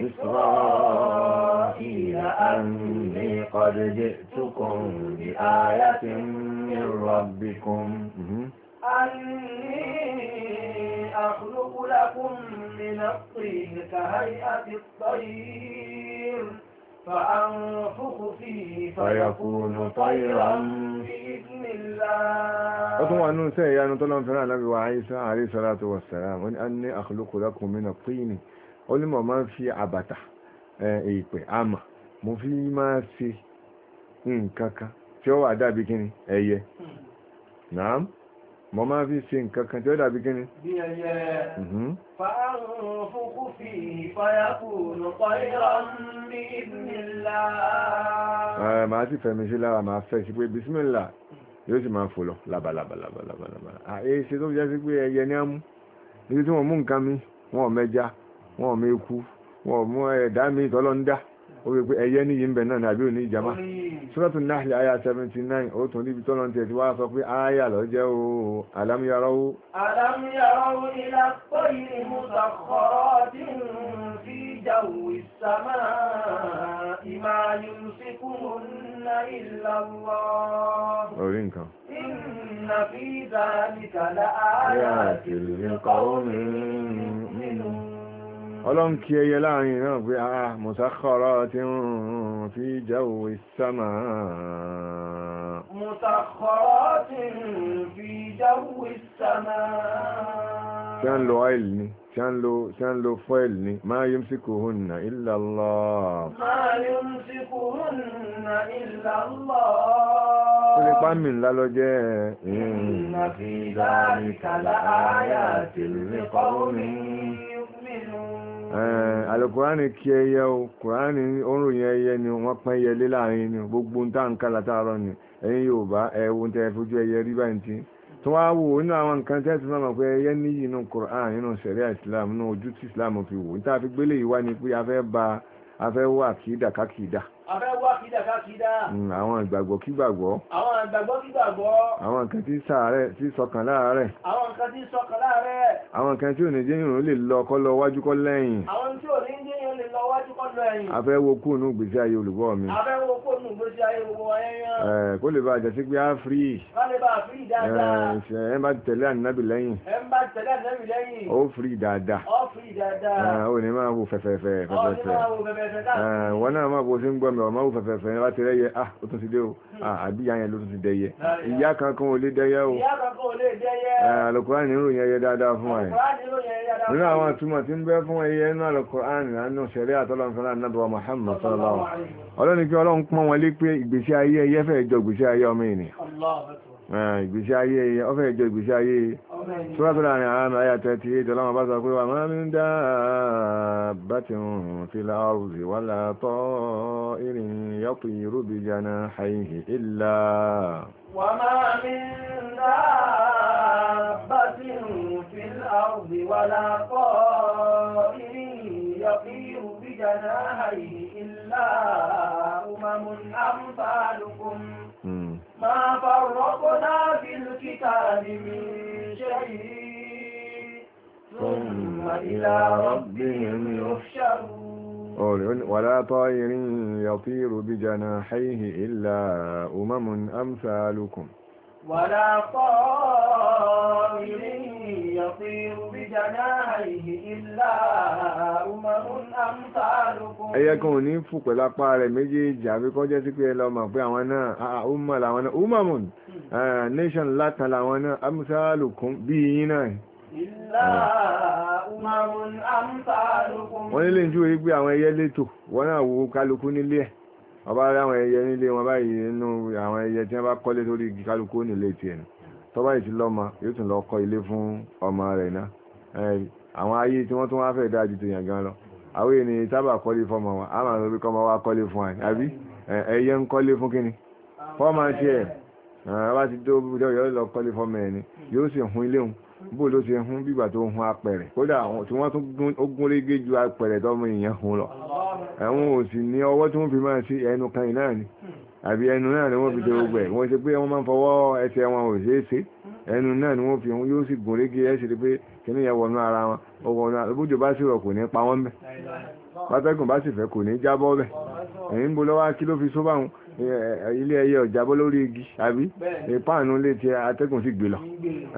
إسرائيل أني قد جئتكم بآية من ربكم أني أخلق لكم من الطين كهيئة الطير فأنفخ فيه فيكون طيرا بإذن الله أطمع أنه سيئة أن طلع فينا النبي وعيسى عليه الصلاة والسلام أني أخلق لكم من الطين ó ní mọ̀ máa ń fi àbàtà èèpẹ̀ àmà mo fi máa ṣe nǹkan kan tí ó wà dàbí kíni ẹyẹ náà mo máa fi ṣe nǹkan kan tí ó dàbí kíni. bí ẹyẹ fáwọn mhm. fúnkú fi ìfáyàkù lọ́pọ̀ ìrọ̀mí ìbìnlá. màá sì fẹ̀mí sí lára màá fẹ́ sí pé bísímìlà yóò sì máa fò lọ labalabalabalabala. àyè ṣe tó fi jẹ́ sí pé ẹyẹ ní àmú níbi tí wọ́n mú nǹkan mi wọ́n mẹ́ja wọn ò mẹ́kú wọn ò mú ẹ̀dá mi tọ́lọ́ ó wípé ẹyẹ ní yìí ń bẹ̀ náà ní àbí òní ìjàmá Suratul Nahl àyà 79 ó tún níbi tọ́lọ́ tẹ̀ tí wá sọ pé àyà lọ jẹ́ o alam yarau alam yarau ila tayri musakhkharatin fi jawi samaa'i ma yumsikuhunna illa Allah orí nǹkan inna fi dhalika la ayatin liqawmin yu'minun كي يلعن بها مسخرات في جو السماء مسخرات في جو السماء كان له علني كان له كان له فعلني ما يمسكهن الا الله ما يمسكهن الا الله قل من لالوجه إن في ذلك لآيات لقوم يؤمنون Eh, alukurani kí ẹyẹ o kurani orun yẹn ẹyẹ ni wọ́n pẹ́ yẹlé láàrin ni gbogbo ń tàn kálá táàrọ̀ ni ẹ̀yin yorùbá ẹ̀wọ̀n tẹ́ fojú ẹyẹ rí báyìí tí tó wá wò nínú àwọn nǹkan tẹ́ ti máa pé ẹyẹ níyì nínú kurani nínú sẹ̀ríà islam nínú ojú tí islam fi wò níta fi gbélé yìí ni pé a fẹ́ ba a fẹ́ wá kìídà kákìídà Hmm, àwọn ìgbàgbọ́ kí gbàgbọ́ àwọn ìgbàgbọ́ kí gbàgbọ́ àwọn nǹkan tí sàárẹ̀ tí sọkàn láàárẹ̀ àwọn nǹkan tí sọkàn láàárẹ̀ àwọn nǹkan tí ò ní jẹ́yìn ò lè lọ kọ́ lọ wájú kọ́ lẹ́yìn àwọn tí ò ní jẹ́yìn ò lè lọ wájú kọ́ lẹ́yìn afẹ́ kú nù gbèsè ayé olùgbọ́ mi afẹ́ wo kú nù gbèsè ayé olùgbọ́ ẹyán ẹ kó lè bá àjẹsí pé á firi ká lè bá firi dáadáa ẹ ń bá tẹ̀lé ànábì lẹ́yìn ẹ ń bá tẹ̀lé ànábì lẹ́yìn ó firi dáadáa ó firi dáadáa ní máa wo fẹ̀fẹ̀fẹ̀ fẹ̀fẹ̀fẹ̀ wọn náà máa bó ṣe ń gbọ́ lọ ọmọ òfẹ̀fẹ̀fẹ̀ yẹn láti rẹ́yẹ ah ó tún ti dé o ah, àbíyá yẹn ló tún ti dẹyẹ ìyá kankan ò lè dẹyẹ o ah, alùkùránì ń ròyìn ẹyẹ dáadáa fún ẹ nínú àwọn àtúmọ̀ tí ń bẹ fún ẹyẹ inú alùkùránì nínú sẹ̀rí àtọ́lọ́nfẹ́lá nàbọ̀ Muhammad sallallahu ọlọ́ni kí ọlọ́run pọ́n wọn lé pé ìgbésí ayé ẹyẹ fẹ́ jọ ìgbésí ayé ọmọ ènìyàn ah, ìgbésí ayé ẹyẹ ọ jọ ìgbésí ayé سورة الأنعام آية تأتي لما بصر كل وما من دابة في الأرض ولا طائر يطير بجناحيه إلا وما من دابة في الأرض ولا طائر يطير بجناحيه إلا أمم أمثالكم ما فرقنا في الكتاب من شيء ثم إلى ربهم يحشرون ولا طائر يطير بجناحيه إلا أمم أمثالكم ولا طائر يطير بجناحيه إلا أمم أمثالكم ẹyẹ kan ò ní fò pẹ̀lú apá rẹ̀ méjèèjì àbí kọ́ jẹ́ sí pé ẹlọ mọ̀ pé àwọn náà ọmọ làwọn náà umamun hmm. nation latin làwọn náà amsalukum bí yín náà hmm. wọ́n nílé ń jú orí pé àwọn ẹyẹ létò wọ́n náà wo kálukú nílé ẹ̀ ọba rí àwọn ẹyẹ nílé wọn báyìí nínú àwọn ẹyẹ tí wọ́n bá kọ́lé torí igi kálukú nílé tiẹ̀ nù tọ́ba ti lọ́mọ yóò tún lọ kọ́ ilé fún ọmọ rẹ̀ náà àwọn ayé tí wọ́n tún wá fẹ́ dájú tó yàn gan lọ àwọn ènìyàn sábà kọ́lé fọmọ wọn a máa lórí kọ́mọ wá kọ́lé fún wa àbí ẹyẹ ń kọ́lé fún kíni fọ́ọ̀mà tiẹ̀ ọba ti dó yọ lọ kọ́lé bó ló ṣe hun bígbà tó hun apẹ̀rẹ̀ kódà tí wọ́n tún gún ju apẹ̀rẹ̀ tọ́mọ èèyàn hun lọ àwọn ò sì ní ọwọ́ tí wọ́n fi máa ṣe ẹnu kan náà ni àbí ẹnu náà ni wọ́n fi ṣe gbogbo ẹ̀ wọ́n ṣe pé wọ́n máa ń fọwọ́ ẹsẹ̀ wọn ò ṣeé ṣe ẹnu náà ni wọ́n fi hun yóò sì gún régé ẹ̀ pé kíní yẹn wọnú ara wọn ó wọnú ara bá sì rọ̀ kò ní pa wọ́n bẹ́ẹ̀ pátákùn bá sì fẹ́ kò ní jábọ́ bẹ́ẹ̀ ẹ̀yìn ń bo lọ́wọ́ kí ló fi sóbà hun Eh, ilé ẹyẹ ọ̀jábọ́ lórí igi àbí ìpáànù eh, lè ti atẹ́gùn sì gbé lọ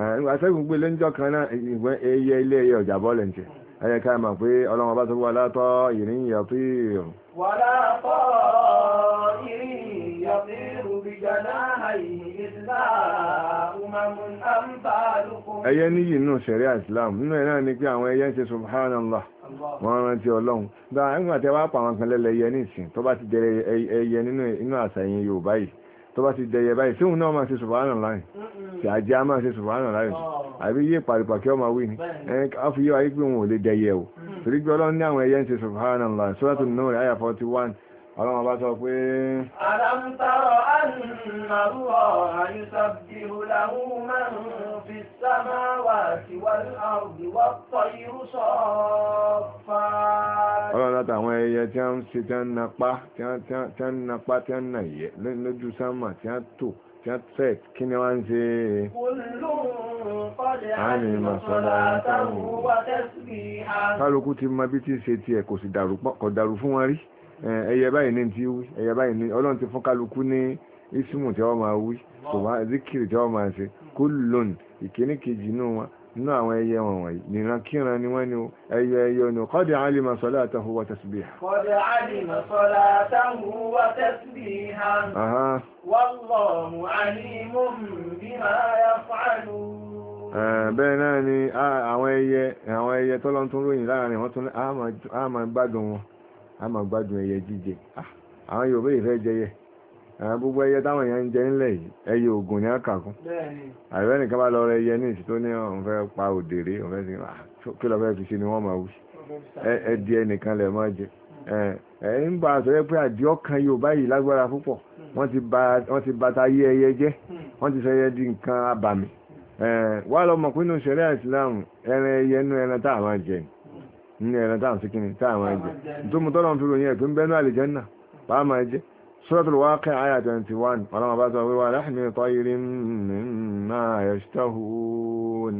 eh, atẹ́gùn gbé lẹ́njọ́ kan náà ìwé ẹyẹ ilé ẹyẹ ọ̀jábọ́ lẹ̀ ń tẹ̀ ẹyẹ ká mọ̀ pé ọlọ́run ọba tó wà látọ̀ ìrìn yàtí ìrùn. wà látọ̀ ìrìn yàtí ìrùn bìjà náà ìhìn ìsìlá náà ẹyẹ níyì nù sẹ̀ríà Islam nínú ẹ̀ náà ni pé àwọn ẹyẹ ń ṣe subhanallah wọ́n rántí ọlọ́run dá nígbà tí a bá pa àwọn kan lẹ́lẹ̀ ẹyẹ nísìn tó bá ti dẹ ẹyẹ nínú àṣà yẹn Yorùbá yìí tó bá ti dẹyẹ báyìí síhun náà máa ṣe subhanallah tí àjẹ́ á máa ṣe subhanallah oh. àbí yé pàrìpàkẹ́ ọmọ wí ni a fi yé wa pé wọn ò lè dẹyẹ o mm. torí pé ní àwọn ẹyẹ ń ṣe subhanallah Suratul Nur àyà 41 ọlọ́wọ́ bá sọ pé alam tara anna Allaha yusabbihu lahu man fis samawati wal ardi wat tayru saffat ọlọ́wọ́ látàwọn ẹyẹ tí wọ́n ṣe tí wọ́n napá tí wọ́n napá tí wọ́n nà yẹ lójú sánmà tí wọ́n tò tí wọ́n tẹ̀ kí ni wọ́n ń ṣe àmì màsọ́lá kálukú ti mọ bí tí ń ṣe tiẹ̀ kò sì dàrú fún wọn rí Eh, ẹyẹ báyìí ní ti wí ẹyẹ báyìí ní ọlọ́run ti fún kálukú ní ismu tí wọ́n máa wí tòwá zikiri tí wọ́n máa ṣe kullun ìkíní kejì inú wọn nínú àwọn ẹyẹ wọn wọ̀nyí nìran kíran ni wọ́n ni ẹyẹ ẹyẹ ni qad alima salatahu wa tasbiha. qad alima salatahu wa tasbiha. wallahu alimun bima yaf'alun eh, bẹ́ẹ̀ náà ni àwọn ẹyẹ àwọn ẹyẹ tọ́lọ́ntún ròyìn láàrin wọ́n tún á máa gbádùn wọn a máa gbádùn ẹyẹ jíjẹ àwọn Yorùbá yìí fẹ́ jẹyẹ gbogbo ẹyẹ táwọn èèyàn ń jẹ ńlẹ̀ yìí ẹyẹ ògùn ní àkàkùn àìrẹ́ nìkan bá lọ rẹ ẹyẹ ní ìsìtó ní òun fẹ́ pa òdèrè òun fẹ́ sí kí lọ fẹ́ fi ṣe ni wọ́n máa wí ẹdí ẹnìkan lẹ̀ máa jẹ ẹ ń bá a sọ̀rọ̀ pé àdí ọkàn Yorùbá yìí lágbára púpọ̀ wọ́n ti bàtà yé ẹyẹ jẹ́ wọ́n ti sọ ẹyẹ di nǹkan abàmì wà lọ́mọkùnrin ṣẹlẹ̀ Islam ẹran ẹyẹ inú ẹran tá a máa jẹ ni ní ẹran táwọn sí kíni táwọn ẹjẹ tó mú tọ́lọ́n fi ròyìn ẹ̀pín bẹ́nu àlìjẹ́nà bá máa jẹ́ Suratul Waqia àyà 21 ọlọ́mọ bá sọ wíwá lahmi tayrin mimma yashtahun.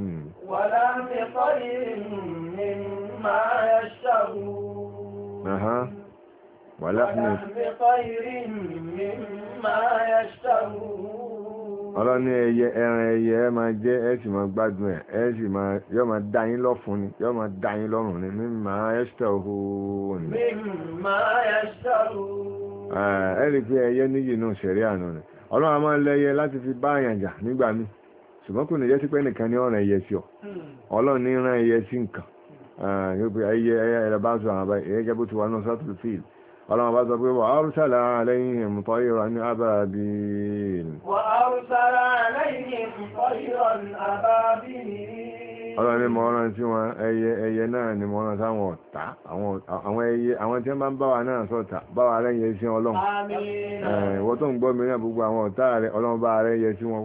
Wa lahmi tayrin mimma yashtahun. Wa lahmi tayrin mimma ọlọ́ni ẹyẹ ẹran ẹyẹ ẹ máa jẹ ẹ sì máa gbádùn ẹ ẹ sì máa yọ máa da yín lọ́fun ni yọ máa da yín lọ́rùn ni mímá ẹ́sítọ̀ hóòó ni. mímá ẹ́sítọ̀ hóòó. ẹ rí i pé ẹyẹ níyì náà ṣẹ̀rí àná ni ọlọ́run a máa ń lẹ́yẹ láti fi bá àyàn jà nígbà mi ṣùgbọ́n kò ní jẹ́ sí pé nìkan ní ọ̀ràn ẹyẹ sí ọ hmm. ọlọ́run ní rán ẹyẹ sí nǹkan ẹyẹ ẹyẹ ẹyẹ bá sọ àwọn abáyé ẹyẹ ọlọ́run bá sọ pé wà áúṣàlá aláìhìn tọ́yìrọ̀ ní àbábìn ọlọ́run ní mọ́rán tí wọ́n ẹyẹ ẹyẹ náà ni mọ́rán sáwọn ọ̀tá àwọn ẹyẹ àwọn tí wọ́n bá ń báwa náà sọ̀tà báwa rẹ̀ yẹ sí ọlọ́run ìwọ tó ń gbọ́ mi náà gbogbo àwọn ọ̀tá rẹ̀ ọlọ́run bá rẹ̀ yẹ sí wọn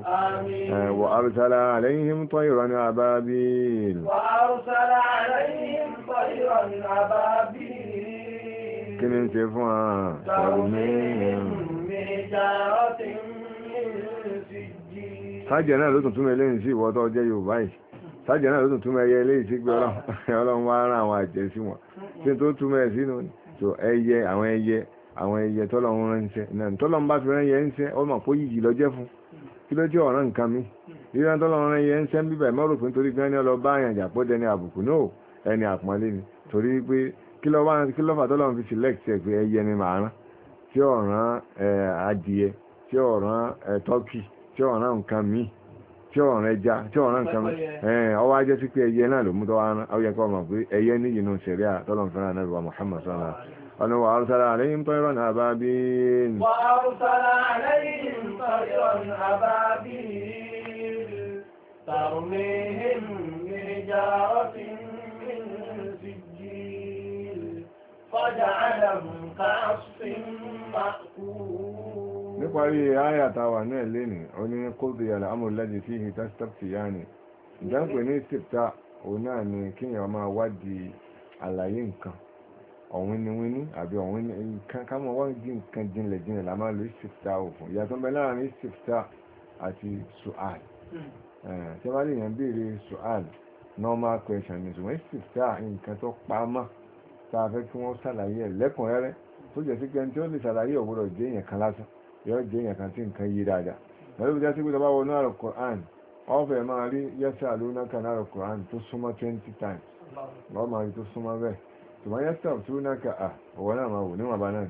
wà áúṣàlá aláìhìn tọ́yìrọ̀ ní àbábìn wà áúṣàlá aláìhìn tọ́yìrọ̀ ní àbábìn kí ń ṣe fún ààrùn ṣàrùmí sájẹ̀ náà ló tún túnmọ̀ eléyìí sí ìwọ́tọ́ jẹ́ Yorùbá yìí sájẹ̀ náà ló tún túnmọ̀ ẹyẹ eléyìí sí gbé Ọlọ́run wá rán àwọn àjẹ́ sí wọn tí tó túnmọ̀ ẹ̀ sínú so ẹyẹ àwọn ẹyẹ àwọn ẹyẹ tọ́lọ́run ránṣẹ́ náà tọ́lọ́run bá fi ránṣẹ́ ránṣẹ́ ọmọ kó yìí lọ fún kí ló jẹ́ ọ̀ràn nǹkan mi ríran tọ́lọ́run ránṣẹ́ ránṣẹ́ bíbẹ̀ mọ́rò pé nítorí gan ọlọ́ bá àyànjà pọ́ dẹni àbùkù náà ẹni àpọ́nlé ni torí pé kí ló wá kí ló fà tó lọ́n fi select ẹ̀ pé ẹyẹ ni màá rán tí ọ̀ràn adìẹ tí ọ̀ràn tọ́kì tí ọ̀ràn nǹkan míì tí ọ̀ràn ẹja tí ọ̀ràn nǹkan míì ọwọ́ ajẹ́ sí pé ẹyẹ náà ló mú tó wá rán ó yẹ kó mọ̀ pé ẹyẹ níyì nù sẹ̀rí àtọ́lọ́n fẹ́ràn náà wà Muhammad sọ́nà ọ̀nà wà arúsára àlẹ́yìn tó ìrọ̀nà àbábí wà arúsára àlẹ́yìn tó ìrọ̀nà àbábí níparí ayàtàwà náà a oní kóòdù yàrá amúlẹ́dì tí hì tásítọ́pì yá ni ìdáǹpẹ̀ ní náà ni kíyàn máa wádìí àlàyé nǹkan ọ̀wínníwínní àbí ọ̀wínní ká mọ̀ jí nǹkan jinlẹ̀ jinlẹ̀ la máa lo ìsìpta òfin ìyàtọ̀ bẹ láàrin ìsìpta àti sual hmm. tí wọ́n lè yàn sual normal question ni nǹkan tó pa tá a fẹ́ kí wọ́n ṣàlàyé ẹ̀ lẹ́kùnrẹ́rẹ́ tó jẹ́ sí pẹ́ni tí ó lè ṣàlàyé ọ̀gbọ́dọ̀ jẹ́ èèyàn kan lásán yọ jẹ́ èèyàn kan tí nǹkan yí dáadáa pẹ̀lú ìjà pé tọ́ba wọnú àrò Quran ọ̀fẹ́ máa rí yẹ́sẹ̀ àlùnáka ní àrò Quran tó súnmọ́ twenty times wọ́n máa rí tó súnmọ́ bẹ́ẹ̀ tùmọ̀ yẹ́sẹ̀ àlùnáka à òwò náà máa wò níwọ̀nba náà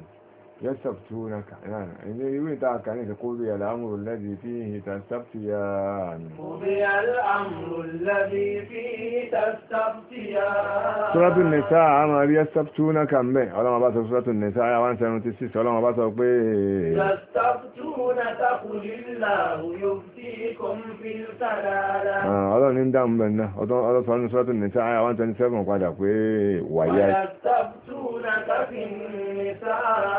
يستفتونك يعني يريد تعالى كان قضي الأمر الذي فيه تستفتيان قضي الأمر الذي فيه تستفتيان سورة النساء عمر يستفتونك به ولا ما بات سورة النساء عمر سنتسيس ولا ما بات يستفتونك قل الله يفتيكم في الكلالة آه هذا نندم بنا هذا سورة النساء عمر سنتسيس وقال ويستفتونك في النساء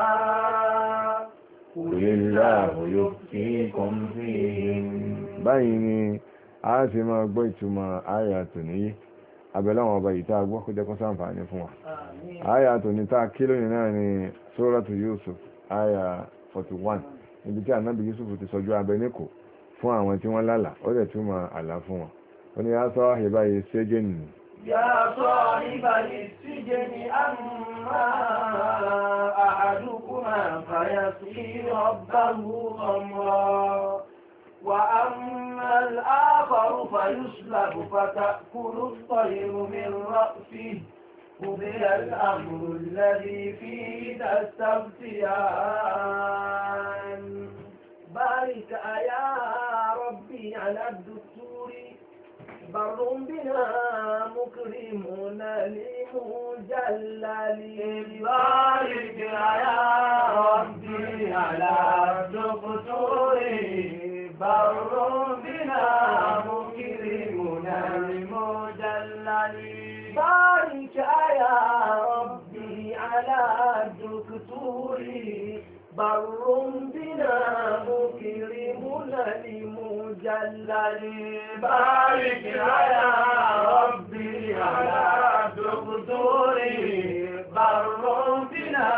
báyìí ni a ti máa gbọ́ ìtumọ̀ àyà tò níyí abẹ́láwọn ọba yìí tá a gbọ́ kó jẹ́ kó ṣàǹfààní fún wa àyà tò ní tá a kí lónìí náà ni sóràtù Yusuf àyà 41 ibi tí ànábì Yusuf ti sọjú abẹ níkò fún àwọn tí wọ́n lálà ó dẹ̀ túmọ̀ àlá fún wọn ó ní a sọ àhìbáyé séjẹ́ nìyí يا صاحب السجن أما أحدكما فيسقي ربه خمرا وأما الآخر فيسلب فتأكل الطير من رأسه قضي الأمر الذي فيه تستفتيان بارك يا ربي على الدستور بر بنا مكرمون لمجلل بارك يا ربي على دكتور بر بنا مكرمون لمجلل بارك يا ربي على دكتور برهم بنا مكرمنا لمجلد بارك على ربي على دكتوري برهم بنا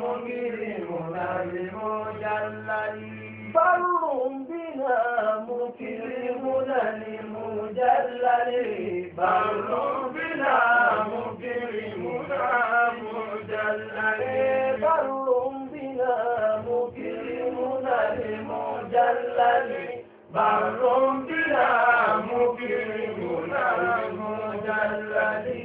مكرمنا لمجلد برهم بنا مكرمنا لمجلد برهم بنا مكرمنا مجلد مجلل بر بلا مكرمنا مجلل